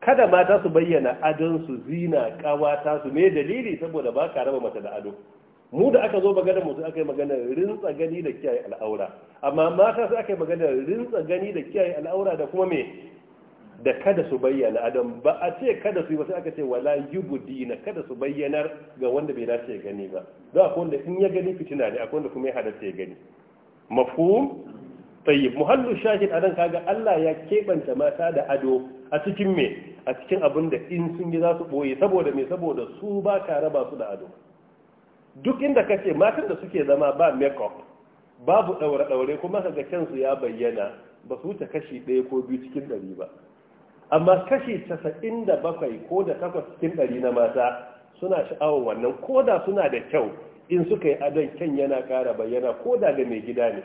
kada mata su bayyana adon su zina kawata su me dalili saboda ba ka raba mata da ado mu da aka zo magana mu aka yi magana rintsa gani da kiyaye al'aura amma mata sai aka yi magana rintsa gani da kiyaye al'aura da kuma me da kada su bayyana adam ba a ce kada su yi ba sai aka ce wala yubdina kada su bayyanar ga wanda bai dace gani ba za akwai wanda in ya gani fitina ne akwai wanda kuma ya hada ya gani mafhum tayyib muhallu shahid anan kaga Allah ya kebanta mata da ado a cikin me a cikin abin da in sun yi za su boye saboda me saboda su ba ka raba su da ado duk inda kace matan da suke zama ba makeup babu daure daure kuma kaga kansu ya bayyana ba su wuce kashi ɗaya ko biyu cikin ɗari ba amma kashi casa'in da bakwai ko da takwas cikin ɗari na mata suna sha'awar wannan ko da suna da kyau in suka yi adon kyan yana kara bayyana ko da ga mai gida ne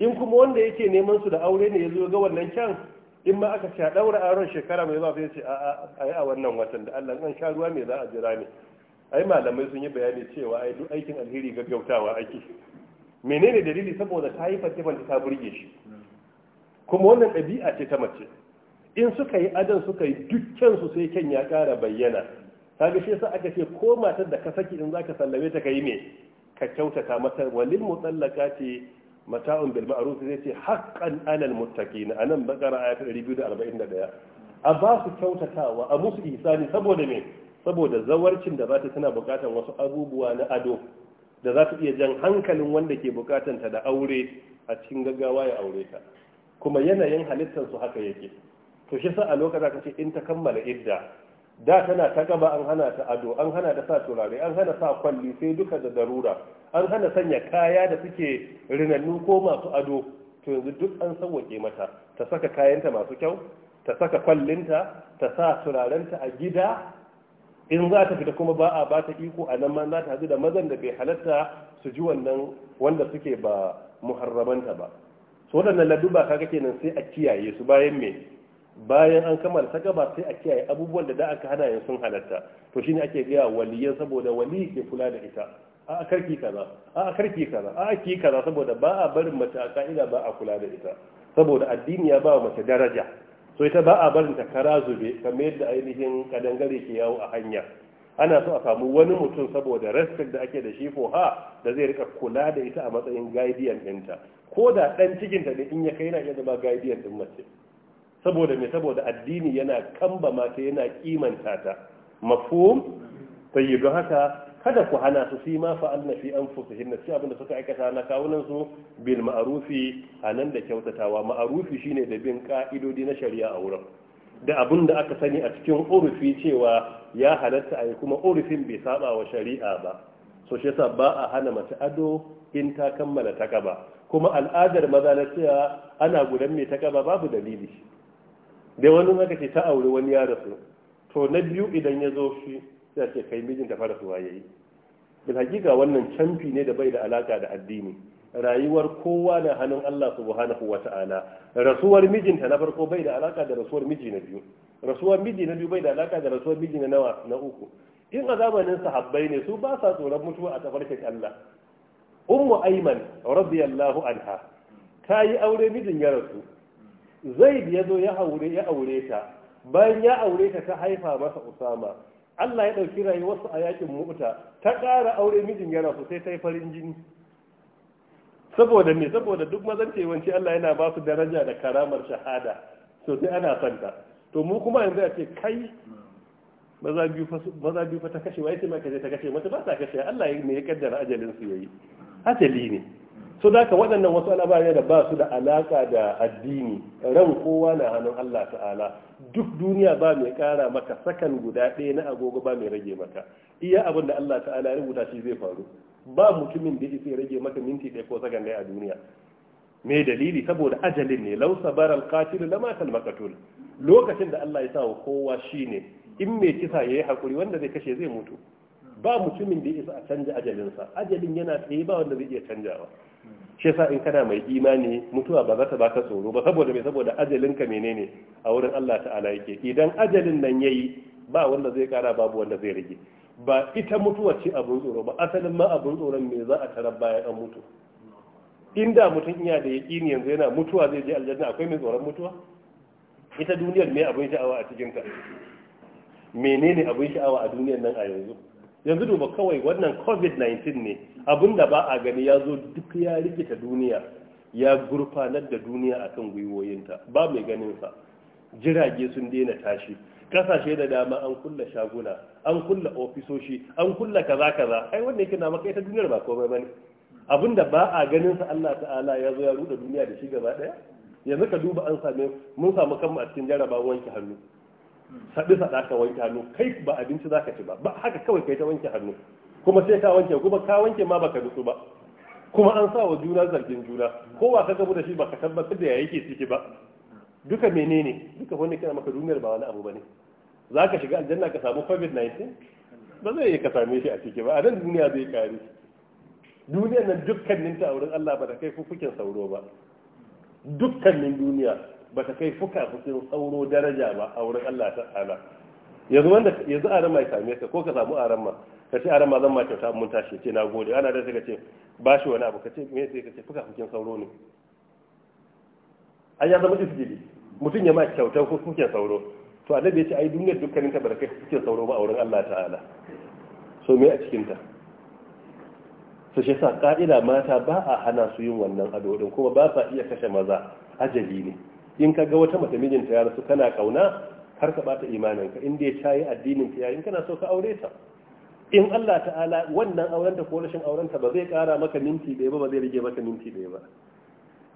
in kuma wanda yake neman su da aure ne ya zo ga wannan kyan in ma aka ce a ɗaura aron shekara mai zafi sai ce a yi a wannan watan da Allah an sha ruwa mai za a jira ne ai malamai sun yi bayani cewa ai duk aikin alheri gaggautawa ake menene dalili saboda ta yi fatima ta burge shi kuma wannan ɗabi'a ce ta mace in suka yi adon suka yi dukkan su sai kyan ya ƙara bayyana kaga shi yasa aka ce ko matar da ka saki in zaka sallame ta ka yi me ka kyautata mata walil ce. mata'un bil ma'ruf zai ce haqqan alal muttaqin anan bakara ayat 241 a ba su kyautatawa a musu ihsani saboda me saboda zawarcin da zata tana bukatan wasu abubuwa na ado da za su iya jan hankalin wanda ke bukatan ta da aure a cikin gaggawa ya aure ta kuma yanayin halittar su haka yake to shi sa a lokacin ka ce in ta kammala idda da tana ta gaba an hana ta ado an hana da sa turare an hana sa kwalli sai duka da darura an hana sanya kaya da suke rinannu ko masu ado to yanzu duk an sauwake mata ta saka kayanta masu kyau ta saka kwallinta ta sa turarenta a gida in za ta fita kuma ba a ba ta iko a nan ma za ta hadu da mazan da bai halatta su ji wannan wanda suke ba muharramanta ba so waɗannan laduba kaga kenan sai a kiyaye su bayan me bayan an kammala ta gaba sai a kiyaye abubuwan da da aka hana yin sun halatta to shine ake gaya waliyan saboda wali ke kula da ita a karki kaza a karki kaza a ki kaza saboda ba a barin mace a ka'ida ba a kula da ita saboda addini ya ba wa mace daraja so ita ba a barin ta kara zube kamar yadda ainihin kadangare ke yawo a hanya ana so a samu wani mutum saboda respect da ake da shi ko ha da zai rika kula da ita a matsayin guardian ɗinta ko da ɗan cikinta ne in ya kai na iya zama guardian ɗin mace saboda me saboda addini yana kamba mata yana kimanta ta mafhum tayyib haka kada ku hana su fi ma fa'alna fi anfusihim sai abinda suka aikata na kawunan su bil a nan da kyautatawa ma'rufi shine da bin ka'idodi na shari'a a wurin da abin da aka sani a cikin urufi cewa ya halatta a yi kuma urufin bai saba wa shari'a ba so shi yasa ba a hana mace ado in ta kammala takaba kuma al'adar maza na cewa ana gudan mai takaba babu dalili da wani haka ce ta aure wani ya rasu to na biyu idan ya zo shi ya ce kai mijin da fara suwa yayi bil hakika wannan canfi ne da bai da alaka da addini rayuwar kowa na hannun Allah subhanahu wa rasuwar rasuwar mijinta na farko bai da alaka da rasuwar miji na biyu rasuwar miji na biyu bai da alaka da rasuwar miji na nawa na uku in a zamanin sahabbai ne su ba sa tsoron mutuwa a tafarkin Allah ummu ayman radiyallahu anha ta yi aure mijin ya rasu zaid ya zo ya aure ya aure ta bayan ya aure ta ta haifa masa usama Allah ya ɗauki rayuwarsu a yakin mu'uta ta ƙara aure mijin yana su sai ta yi farin jini saboda me saboda duk mazan yawanci Allah yana ba su daraja da karamar shahada so sai ana santa to mu kuma yanzu a ce kai maza biyu fa ta kashe wa ya ce ma kaje ta kashe mata ba ta kashe Allah ne ya kaddara ajalinsu su yayi ajali ne so da waɗannan wasu labarai da ba su da alaƙa da addini ran kowa na hannun Allah ta'ala duk duniya ba mai ƙara maka sakan guda ɗaya na agogo ba mai rage maka iya abin da Allah ta'ala ya rubuta shi zai faru ba mutumin da ya rage maka minti ɗaya ko sakan ɗaya a duniya me dalili saboda ajalin ne lau sabar alqatil la kal maqtul lokacin da Allah ya sa kowa shine in mai kisa yayi hakuri wanda zai kashe zai mutu ba mutumin da ya a canja ajalinsa ajalin yana tsaye ba wanda zai iya canjawa shi sa in kana mai imani mutuwa ba za ta baka tsoro ba saboda me saboda ajalin ka menene a wurin Allah ta'ala yake idan ajalin nan yayi ba wanda zai kara babu wanda zai rage ba ita mutuwa ce abun tsoro ba asalin ma abun tsoron me za a tarar bayan an mutu inda mutum iya da ni yanzu yana mutuwa zai je aljanna akwai mai tsoron mutuwa ita duniyar me abun sha'awa a cikin ta menene abun sha'awa a duniyar nan a yanzu yanzu duba kawai wannan covid-19 ne abinda ba a gani ya zo duk ya rikita duniya ya gurfanar da duniya a kan gwiwoyinta ba mai ganinsa jirage sun daina tashi kasashe da dama an kulla shaguna an kulla ofisoshi an kulla kaza kaza ai wanda yake na maka ita duniyar ba komai bane abinda ba a ganin sa Allah ta'ala ya zo ya ruda duniya da shi gaba daya yanzu ka duba an same mun samu kanmu a cikin jarabawan wanke hannu sadi sada ka wanke hannu kai ba abinci za ka ci ba ba haka kawai kai ta wanke hannu kuma sai ka wanke kuma ka wanke ma baka nutsu ba kuma an sa wa juna zargin juna kowa ka gabu da shi baka tabbatar da ya yake ciki ba duka menene duka wani kana maka duniyar ba wani abu bane za ka shiga aljanna ka samu covid 19 ba zai yi ka same shi a ciki ba a nan duniya zai kare duniyar nan dukkanin ta a wurin Allah ba da kai kukukin sauro ba dukkanin duniya ba ta kai fuka fukin sauro daraja ba a wurin Allah ta'ala yanzu wanda yanzu aran mai same ka ko ka samu aran ma ka ce aran ma zan ma kyauta mun tashi ce na gode ana da sai ka ce ba shi wani abu ka ce me sai ka ce fuka fukin sauro ne ai ya zama isgili mutum ya ma ko fukin sauro to annabi ya ce ai duniya dukkanin ta barkai fukin sauro ba a wurin Allah ta'ala so me a cikin ta su shi sa ka'ida mata ba a hana su yin wannan ado din kuma ba sa iya kashe maza ajali ne in ka ga wata mace mijinta ya rasu kana kauna kar ka bata imaninka in dai ta yi addinin ta yayin kana so ka aure ta in Allah ta'ala wannan auren ta ko rashin auren ta ba zai kara maka minti ɗaya ba ba zai rage maka minti ɗaya ba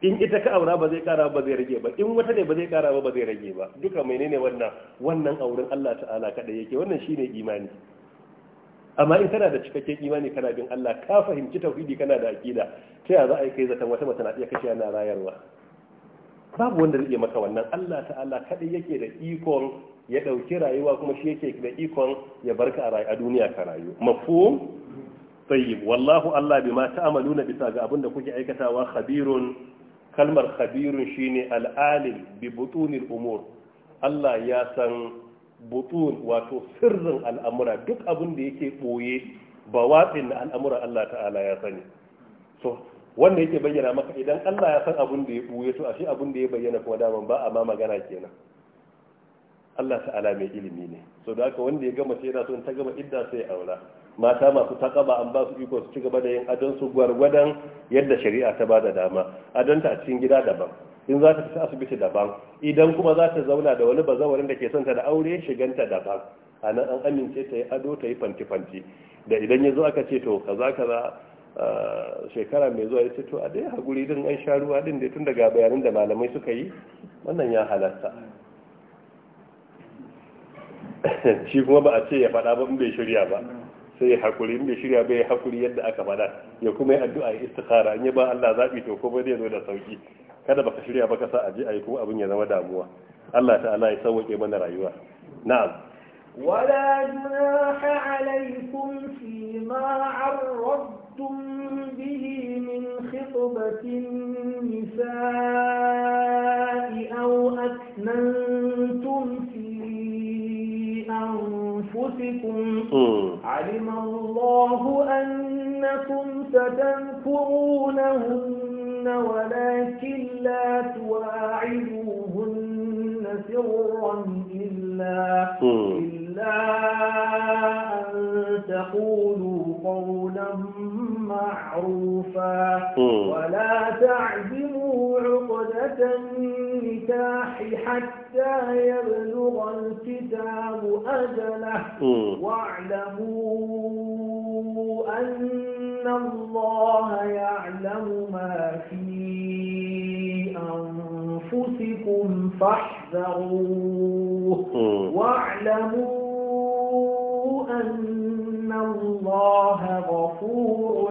in ita ka aura ba zai kara ba zai rage ba in wata ne ba zai kara ba ba zai rage ba duka menene wannan wannan auren Allah ta'ala kada yake wannan shine imani amma in kana da cikakken imani kana bin Allah ka fahimci tauhidi kana da aqida ta ya za a yi kai zaton wata mace na iya kashe yana rayarwa babu wanda zai iya maka wannan Allah ta'ala kadai yake da ikon ya dauki rayuwa kuma shi yake da ikon ya barka a rayu a duniya ka rayu mafhum tayyib wallahu Allah bima ta'maluna bisa ga abinda kuke aikatawa khabirun kalmar khabirun shine al-alim bi butunil umur Allah ya san butun wato sirrin al'amura duk abin da yake ɓoye ba na al'amura Allah ta'ala ya sani so wanda yake bayyana maka idan Allah ya san abin da ya buye to ashe abin da ya bayyana kuma daman ba a ma magana kenan Allah ta'ala mai ilimi ne so da haka wanda ya gama sai yana so ta gama idda sai aura mata masu takaba an ba su iko su ci gaba da yin adon su gwargwadon yadda shari'a ta bada dama adonta a cikin gida daban in za ta fita asibiti daban idan kuma za ta zauna da wani bazawarin da ke son ta da aure shiganta daban a nan an amince ta yi ado ta yi fanti-fanti da idan ya zo aka ce to kaza kaza shekara mai zuwa ya to a dai haƙuri din an sha ruwa din da tun daga bayanin da malamai suka yi wannan ya halatta shi kuma ba a ce ya faɗa ba in bai shirya ba sai ya haƙuri in bai shirya ba ya haƙuri yadda aka faɗa ya kuma yi addu'a ya istikhara an yi ba Allah zaɓi to ko ba zai zo da sauki kada baka shirya ba ka sa je a yi kuma abin ya zama damuwa Allah ta'ala ya sauke mana rayuwa na'am ولا جناح عليكم فيما عرضتم به من خطبة النساء أو أكننتم في أنفسكم علم الله أنكم ستنكرونهن ولكن لا تواعدوهن سرا إلا أن تقولوا قولا معروفا ولا تعزموا عقدة النكاح حتى يبلغ الكتاب أجله واعلموا أن الله يعلم ما في أنفسكم فاحذروه واعلموا الله غفور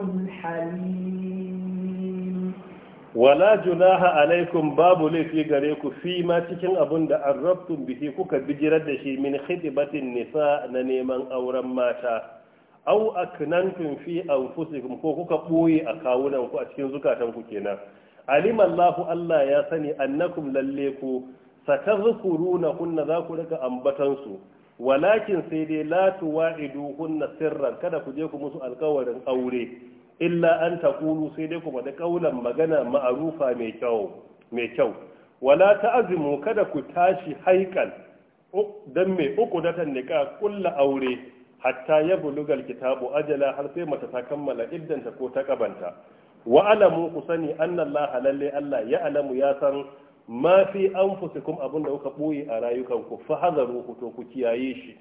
alaikum babu laifi عليكم باب لي cikin abun da arrabtum biki kuka bijirar da shi min khidbatin nisa na neman auren mata aw aknantum fi anfusikum ko kuka ɓoye a kawunanku a cikin zukatanku kenan alim allah allah ya sani annakun lalle ku satazkuruna kunna za ku ambatan ambatansu. walakin sai dai la tuwa'idu hunna sirran kada ku je ku musu alkawarin aure illa an taqulu sai dai ku faɗi kaulan magana ma'arufa mai kyau mai kyau wala ta'zimu kada ku tashi haikal dan mai uku datan niƙa kulla aure hatta ya bulugal kitabu ajala har sai mata ta kammala iddanta ko ta kabanta wa alamu ku sani annallaha lalle Allah ya alamu ya san ma fi anfusikum abin da kuka ɓoye a rayukanku fa hazaruhu to ku kiyaye shi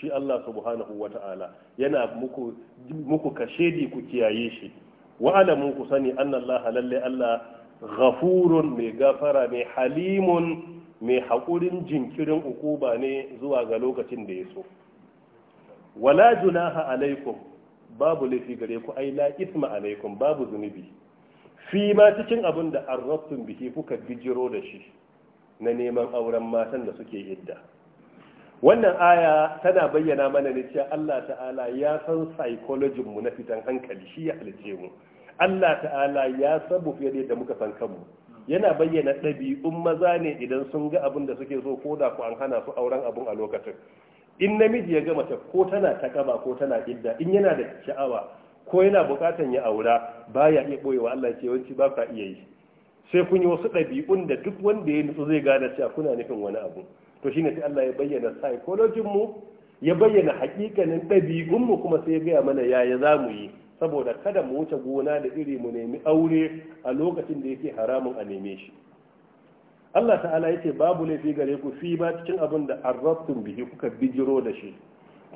shi Allah subhanahu Ta'ala yana muku muku kashedi ku kiyaye shi wa alamu ku sani Allah lalle Allah ghafurun mai gafara mai halimun mai haƙurin jinkirin ukuba ne zuwa ga lokacin da ya so wala junaha alaikum babu lafi gare ku ai la isma alaikum babu zunubi fi ma cikin abin da arrabtun bihi kuka bijiro da shi na neman auren matan da suke idda wannan aya tana bayyana mana ne cewa Allah ta'ala ya san psychology mu na fitan hankali shi ya halice mu Allah ta'ala ya sabu fiye da muka san kanmu yana bayyana ɗabi'un maza ne idan sun ga abin da suke so ko da ku an hana su auren abin a lokacin in namiji ya ga mace ko tana ta takaba ko tana idda in yana da sha'awa ko yana bukatan ya aura ba ya iya boyewa Allah ce wanci ba ka iya yi sai kun yi wasu ɗabi'un da duk wanda ya nutsu zai gane cewa kuna nufin wani abu to shine sai Allah ya bayyana psychology mu ya bayyana hakikanin ɗabi'un mu kuma sai ya gaya mana yaya za mu yi saboda kada mu wuce gona da iri mu nemi aure a lokacin da yake haramun a neme shi Allah ta'ala yace babu laifi gare ku fi ba cikin abin da arrabtum bihi kuka bijiro da shi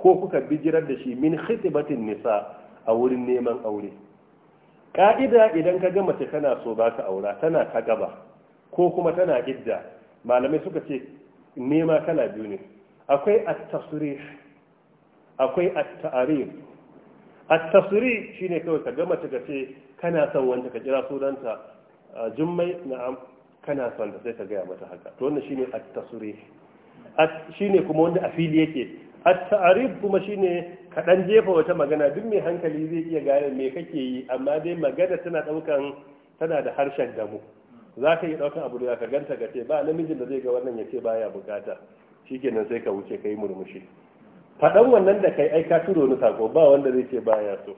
ko kuka bijirar da shi min khitbatin nisa a wurin neman aure Ƙa'ida idan ka gama ce tana so ba ka aura tana ta gaba ko kuma tana idda malamai suka ce nema kala biyu ne akwai a tasrih akwai at A at shi ne kawai ka ga mace ka ce kana son wanda ka kira sunanta jummai na'am kana son da sai ka gaya mata haka to wannan shine at shi ne kuma wanda a fili yake at-ta'rif kuma shine Kaɗan jefa wata magana duk mai hankali zai iya gane me kake yi amma dai magana tana ɗaukan, tana da harshen damu za ka yi daukan abu da ka ganta ka ce ba namijin da zai ga wannan ya ce baya bukata shikenan sai ka wuce kai murmushi faɗan wannan da kai ai ka turo ni sako ba wanda zai ce baya so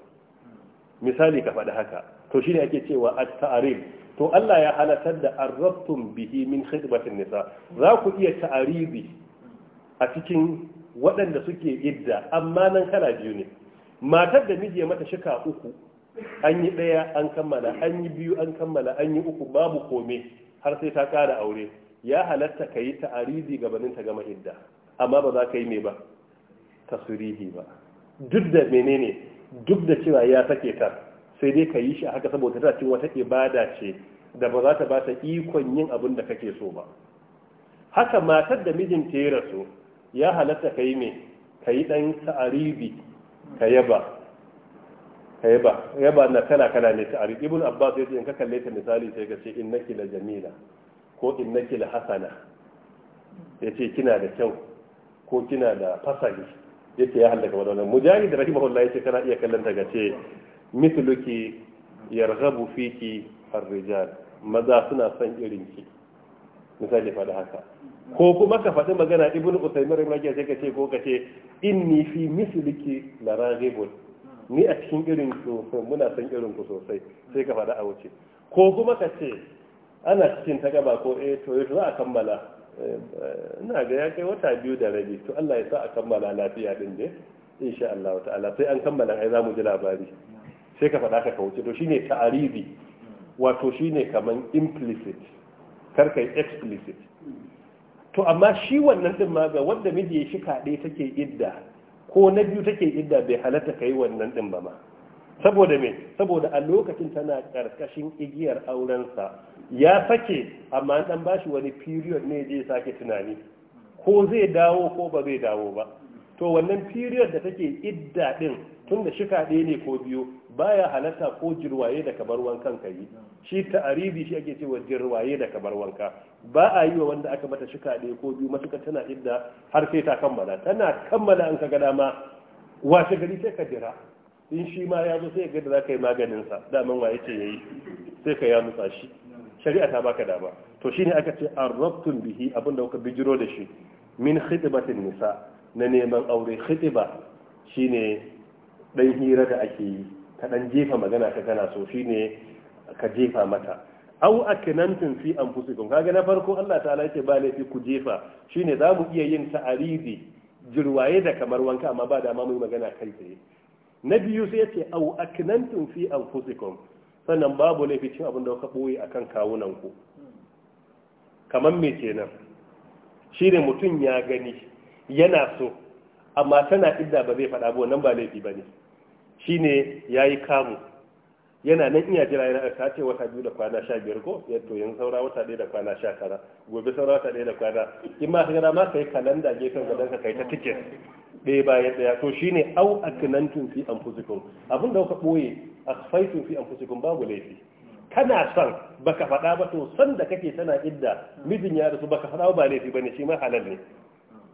misali ka faɗi haka to shine ake cewa at-ta'arif to Allah ya halatar da arrabtum bihi min khidmatin nisa za ku iya ta'aribi a cikin waɗanda suke idda amma nan kana biyu ne matar da miji ya mata shika uku an yi ɗaya an kammala an yi biyu an kammala an yi uku babu kome har sai ta ƙara aure ya halatta ka yi ta'aridi gabanin ta gama idda amma ba za ka yi mai ba tasirihi ba duk da menene duk da cewa ya sake ta sai dai ka yi shi a haka saboda ta cin wata ibada ce da ba za ta ba ta ikon yin abin da kake so ba haka matar da mijinta ya rasu ya halatta ka yi mai ka yi ɗan ta'aribi ka yaba ka yaba yaba na kana kana ne ta'aribi ibn abbas ya ce in ka kalle ta misali sai ka ce innaki la jamila ko innaki la hasana ya kina da kyau ko kina da fasali ya ya halaka wannan mujahid rahimahullahi ya ce kana iya kallon ta ga ce mithluki yarghabu fiki ar maza suna son irinki misali da haka ko kuma ka faɗi magana ibnu usaymin rahimahullah sai ka ce ko ka ce inni fi misliki la raghibun ni a cikin irin ku muna san irin ku sosai sai ka faɗi a wuce ko kuma ka ce ana cikin ta gaba ko eh to za a kammala eh, ina ga ya kai wata biyu da rabi to Allah ya sa a kammala lafiya din dai insha Allah ta'ala sai an kammala ai za mu ji labari sai ka faɗa ka wuce. to shine ta'aribi wato shine kaman implicit kar kai explicit to amma shi wannan din ma ga wanda miji ya shi kaɗe take idda ko na biyu take idda bai halatta ka yi wannan din ba ma saboda me saboda a lokacin tana ƙarƙashin igiyar aurensa ya sake amma dan bashi wani period ne zai sake tunani ko zai dawo ko ba zai dawo ba to wannan period da take idda din tun da shika ɗaya ne ko biyu baya halatta ko jirwaye da kabar wankan ka yi shi ta'aribi shi ake cewa jirwaye da kabar wanka ba a yi wa wanda aka mata shika ɗaya ko biyu matuka tana idda har sai ta kammala tana kammala an ka ga dama washe gari sai ka jira in shi ma ya zo sai ga da za ka yi maganin sa daman waye ce yayi sai ka ya nutsa shi shari'a ta baka dama to shine aka ce arrabtun bihi abinda kuka bijiro da shi min khidmatin nisa na neman aure khidba shine dan hira da ake yi ka dan jefa magana ka kana so shine ka jefa mata au aknantum fi anfusikum kaga na farko Allah ta'ala yake ba laifi ku jefa shine za mu iya yin ta'aridi jirwaye da kamar wanka amma ba da ma mun magana kai tsaye na biyu sai yace au aknantum fi anfusikum sannan babu laifi cin abin da ka boye akan kawunan ku kamar me kenan shine mutum ya gani yana so amma tana idda ba zai faɗa ba wannan ba laifi bane shine yayi kamu yana nan iya jira yana ta ce wata biyu da kwana sha biyar ko ya to yin saura wata ɗaya da kwana sha tara gobe saura wata ɗaya da kwana in ma ka ma ka yi kalanda gefen gadon ka kai ta tiket ɗaya bayan ɗaya to shine au a aknantum fi fusikun abin da kuka boye asfaitum fi fusikun babu laifi kana son baka faɗa ba to san da kake tana idda mijin ya rasu baka faɗa ba laifi bane shi ma halal ne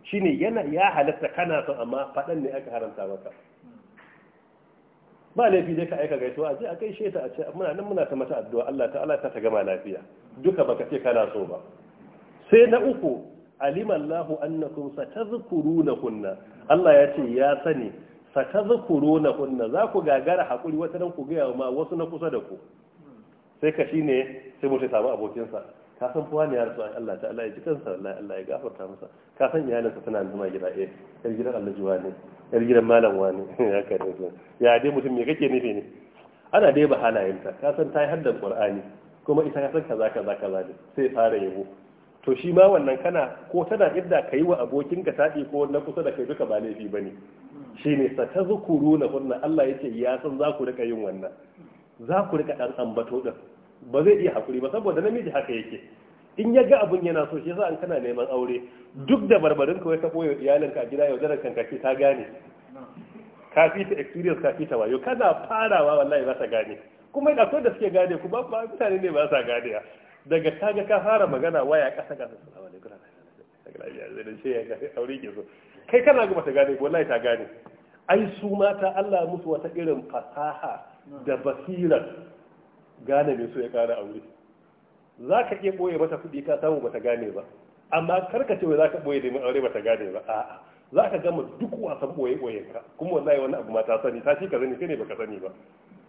shine yana ya halatta kana son amma faɗan ne aka haranta maka ba laifi dai ka aika gaisuwa a je a kai sheta a ce muna nan muna ta mata addu'a Allah Allah ta ta gama lafiya duka baka ce kana so ba sai na uku alima Allahu annakum kunna Allah ya ce ya sani kunna za ku gagara hakuri wata dan ku ga ma wasu na kusa da ku sai ka shine sai mu mutum samu abokinsa ka san kowa ne ya rasu Allah ta Allah ya ji kansa Allah Allah ya gafarta masa ka san iyalinsa suna zama gida ɗaya eh, yar gidan Allah juwa ne yar gidan malam wani ya kare su ya dai mutum me kake nufi ne ana dai ba halayenta ka san ta yi haddan Qur'ani kuma ita ya san kaza kaza kaza ne sai fara yabo to shi ma wannan kana ko tana idda ka yi wa ka taɗi ko na kusa da kai duka ba laifi ba ne shi ne sa ta zukuru na kunna. Allah ya ce ya san za ku rika yin wannan za ku rika ɗan ambato ɗin ba zai iya hakuri ba saboda namiji haka yake in ya ga abun yana so shi yasa an kana neman aure duk da barbarin kawai ta koyo iyalinka a gida yau da kanka kake ta gane ka fi ta experience ka fi ta wayo kana farawa wallahi ba ta gane kuma da da suke gane kuma ba mutane ne ba sa gane daga ga ka fara magana waya kasa kasa salamu alaikum kai kana ga ta gane wallahi ta gane ai su mata Allah musu wata irin fasaha da basira gane mai so ya kara aure za ka iya ɓoye mata kuɗi ka samu bata gane ba amma karka ce wai za ka ɓoye neman aure bata gane ba a'a za ka gama duk wasan ɓoye ɓoyen ka kuma wallahi wani abu ma ta sani ta shi ka sani kai ne baka sani ba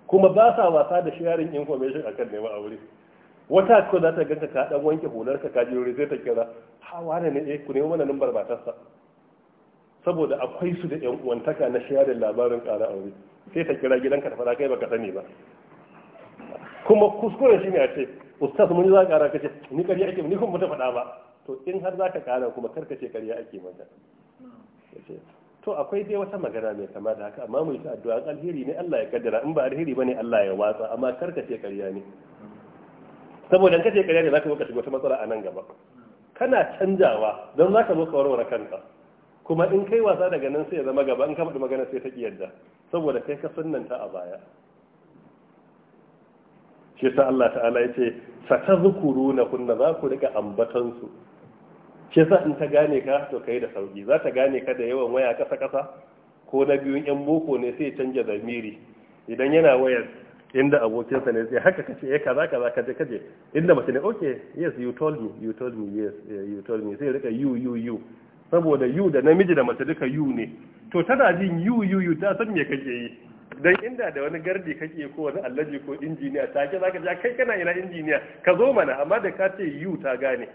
kuma ba sa wasa da sharing information akan nema aure wata ko za ta ganka ka dan wanke hular ka ka jiro zai ta kira ha wane ne eh ku nemo mana number matarsa saboda akwai su da yan uwantaka na sharing labarin ƙara aure sai ta kira gidanka ta fara kai baka sani ba kuma kuskure shi ne a ce ustaz mun za ka ƙara kace ni ƙarya ake ni kuma ta faɗa ba to in har za ka ƙara kuma kar ka ce ƙarya ake mata to akwai dai wata magana mai kama da haka amma mu yi ta addu'a alheri ne Allah ya kaddara in ba alheri bane Allah ya watsa amma kar ka ce ƙarya ne saboda in ka ce ƙarya ne za ka zo ka shiga wata matsala a nan gaba kana canjawa don za ka zo ka warware kanka kuma in kai wasa daga nan sai ya zama gaba in ka faɗi magana sai ta ƙi yadda saboda kai ka sunnanta a baya shi yasa Allah ta'ala yace na kunna za ku rika ambatan su shi yasa in ta gane ka to kai da sauki za ta gane ka da yawan waya kasa kasa ko na biyun yan boko ne sai canja zamiri idan yana wayar inda abokinsa ne sai haka kace eh kaza kaza kaje kaje inda mace okay yes you told me you told me yes eh, you told me sai rika you you you saboda you da namiji da mace duka you ne to tana jin you you you ta san me kake yi dan inda da wani gardi kake ko wani allaji ko injiniya ke zaka ja kai kana ina injiniya ka zo mana amma da ka ce yu ta gane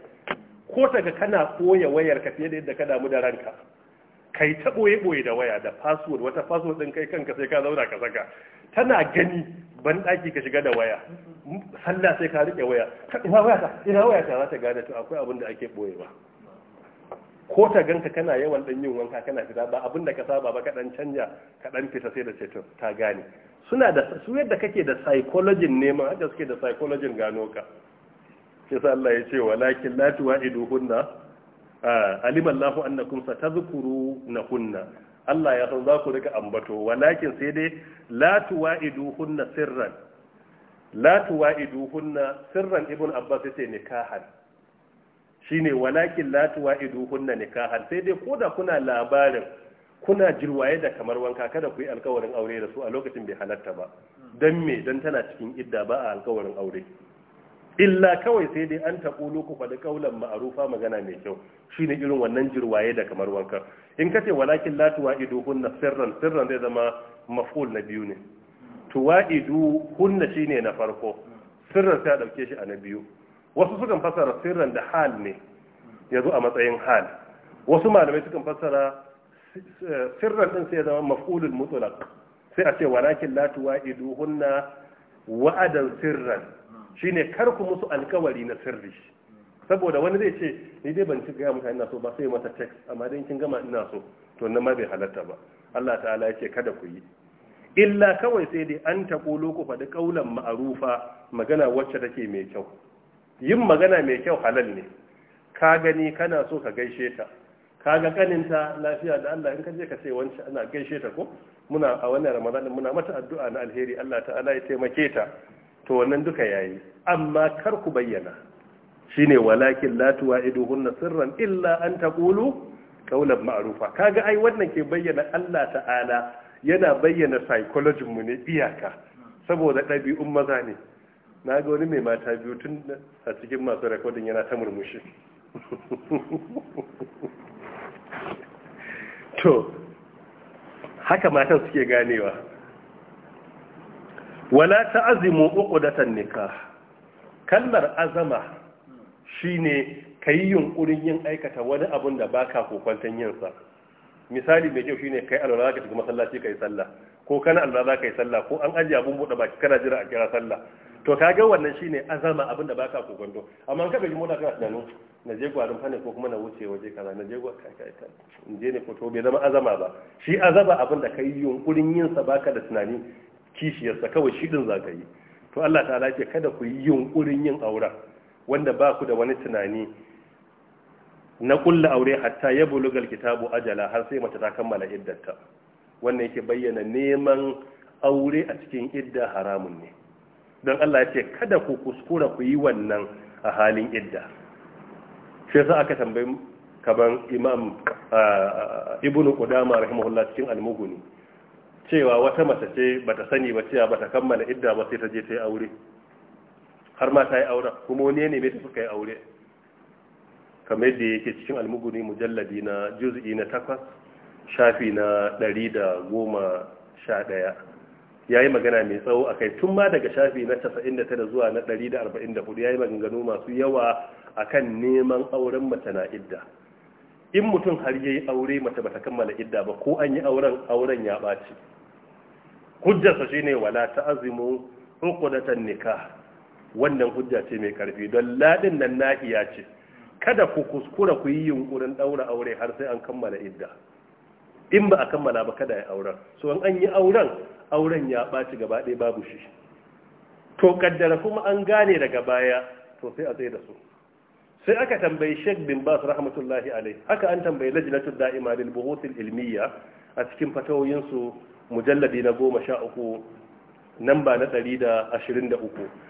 ko daga kana koya wayar ka fiye da yadda ka damu da ranka kai ta boye boye da waya da password wata password din kai kanka sai ka zauna ka saka tana gani ban daki ka shiga da waya sallah sai ka rike waya ina waya ta ina waya ta za ta gane to akwai abin da ake boyewa ko ta ganka kana yawan dan yin wanka kana fita ba abin da ka saba ba ka canja ka fita sai da ce ta gane suna da su yadda kake da psychology neman haka suke da psychology gano ka sai sa Allah ya ce walakin la tuwa'iduhunna alima Allahu annakum nahunna Allah ya san za ku rika ambato walakin sai dai la hunna sirran la hunna sirran ibn Abbas yace nikahan shine walakin la tuwa'iduhunna nikahan sai dai koda kuna labarin kuna jirwaye da kamar wanka kada ku yi alkawarin aure da su a lokacin bai halarta ba dan me dan tana cikin idda ba a alkawarin aure illa kawai sai dai an taqulu ku faɗi qaulan marufa magana mai kyau shine irin wannan jirwaye da kamar wanka in kace walakin la tuwa'idu hunna sirran sirran zai zama maf'ul na biyu ne tuwa'idu hunna shine na farko sirran ta a ɗauke shi a na biyu wasu sukan fassara sirran da hal ne ya zo a matsayin hal wasu malamai sukan fassara eh, sirran din sai ya zama maf'ulul mutlaq sai a ce walakin la hunna wa'adan sirran shine kar ku musu alkawari na sirri saboda wani zai ce ni dai ban ci ga mutane ina so ba sai mata text amma dan kin gama ina so to nan ma bai halatta ba Allah ta'ala yake kada ku yi illa kawai sai dai an taƙo ku faɗi ƙaunar ma'arufa magana wacce take mai kyau yin magana mai kyau halal ne ka gani kana so ka gaishe ta ka ga ta lafiya da Allah in ka je ka ce wancan ana gaishe ta ko muna a wannan Ramadan muna mata addu'a na alheri Allah ta'ala ya taimake ta to wannan duka yayi amma kar ku bayyana shine walakin la tuwa'iduhunna sirran illa an taqulu qawlan ma'rufa kaga ai wannan ke bayyana Allah ta'ala yana bayyana psychology mu ne iyaka saboda ɗabi'un maza ne na ga wani mai mata biyu tun a cikin masu rekodin yana ta murmushi to haka matan suke ganewa wala ta azimu uku da tannika kallar azama shine ka yi yunkurin yin aikata wani abun da baka kokwantan yinsa misali mai kyau shine kai alwala ka shiga masallaci ka yi sallah ko kana alwala yi sallah ko an ajiye abun buɗe baki kana jira a kira sallah to ka ga wannan shine azama abinda baka kokonto amma ka bai mota da tunanin na je gwarin fane ko kuma na wuce waje kaza na je gwarin kai kai in je ne ko bai zama azama ba shi azaba abinda kai yunkurin yin sa baka da tunani kishiyarsa kawai shi din zaka yi to Allah ta ce kada ku yi yunkurin yin aura wanda ba ku da wani tunani na kulla aure hatta ya bulugal kitabu ajala har sai mace ta kammala iddarta wannan yake bayyana neman aure a cikin idda haramun ne don Allah ya ce kada ku kuskura ku yi wannan a halin idda shi a aka tambayi kaban imam ibn qudama rahimahullah cikin almuguni cewa wata mace ce bata sani ba cewa bata kammala idda ba sai ta je ta yi aure har ma ta yi aure kuma wani ne mai suka yi aure kamar yadda yake cikin almuguni mujalladi na juz'i na takwas shafi na da goma sha ɗaya. ya yi magana mai tsawo a kai tun ma daga shafi na 99 zuwa na 144 ya yi maganganu masu yawa a kan neman auren mace na idda in mutum har ya yi aure mace bata kammala idda ba ko an yi auren auren ya ɓaci hujjarsa ne wala ta azimu hukudatan nika wannan hujja ce mai karfi don laɗin nan nahiya ce kada ku kuskura ku yi yunkurin ɗaura aure har sai an kammala idda in ba a kammala ba kada ya auren so in an yi auren auren ya ɓaci gaba ɗaya babu shi to kaddara kuma an gane daga baya to sai a zai da su sai aka tambayi Sheikh bin Bas rahmatullahi alaihi haka an tambayi lajnatul da'ima lil buhuthil ilmiya a cikin fatawoyin su mujalladi na 13 namba na 123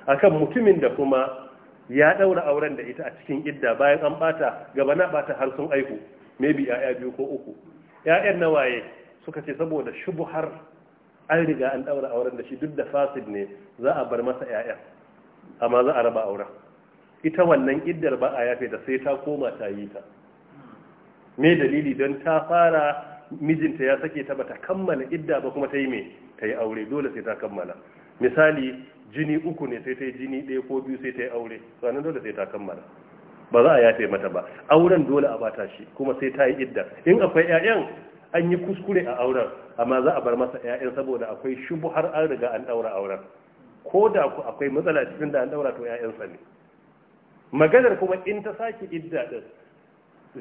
akan mutumin da kuma ya ɗaura auren da ita a cikin idda bayan an bata gaba na bata har sun aihu maybe ya'ya biyu ko uku 'ya'yan nawaye suka ce saboda shubuhar an riga an daura auren da shi duk da fasid ne za a bar masa 'ya'yan amma za a raba auren ita wannan iddar ba a yafe da sai ta koma ta yi ta me dalili don ta fara mijinta ya sake ta bata kammala idda ba kuma ta yi me ta yi aure dole sai ta kammala misali jini uku ne sai ta yi jini ɗaya ko biyu sai ta yi aure sannan dole sai ta kammala ba za a yafe mata ba auren dole a bata shi kuma sai ta yi idda in akwai 'ya'yan an yi kuskure a auren amma za a bar masa 'ya'yan saboda akwai shubu har an riga an daura auren ko da ku akwai matsala cikin da an daura to 'ya'yansa ne maganar kuma in ta sake idda din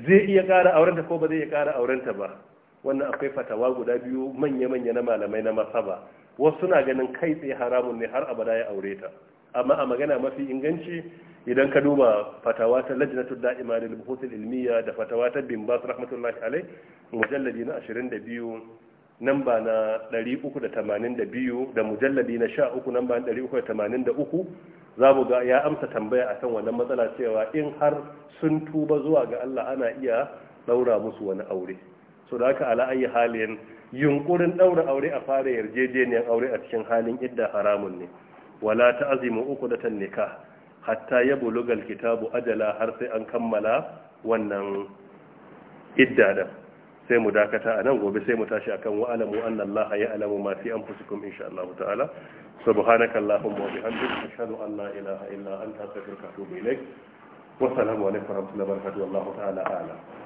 zai iya ƙara aurenta ko ba zai iya ƙara ta ba wannan akwai fatawa guda biyu manya-manya na malamai na masaba wasu na ganin kai tsaye haramun ne har abada ya aure ta amma a magana mafi inganci idan ka duba fatawa ta lajnatul da'ima lil buhuthil ilmiya da fatawa ta bin bas rahmatullahi alai mujalladi na 22 namba na 382 da mujalladi na 13 namba na 383 za mu ga ya amsa tambaya a akan wannan matsala cewa in har sun tuba zuwa ga Allah ana iya daura musu wani aure so da haka ala ayi halin yunkurin daura aure a fara yarjejeniyar aure a cikin halin idda haramun ne wala ta'zimu uqdatan nikah hatta ya bulugal kitabu ajala har sai an kammala wannan iddada sai mu dakata a nan gobe sai mu tashi akan wa alamu anna Allah ya alamu ma fi anfusikum insha Allah ta'ala subhanaka allahumma wa bihamdika ashhadu an la ilaha illa anta astaghfiruka wa atubu ilaik wa assalamu wani wa rahmatullahi wa barakatuh wallahu ta'ala ala.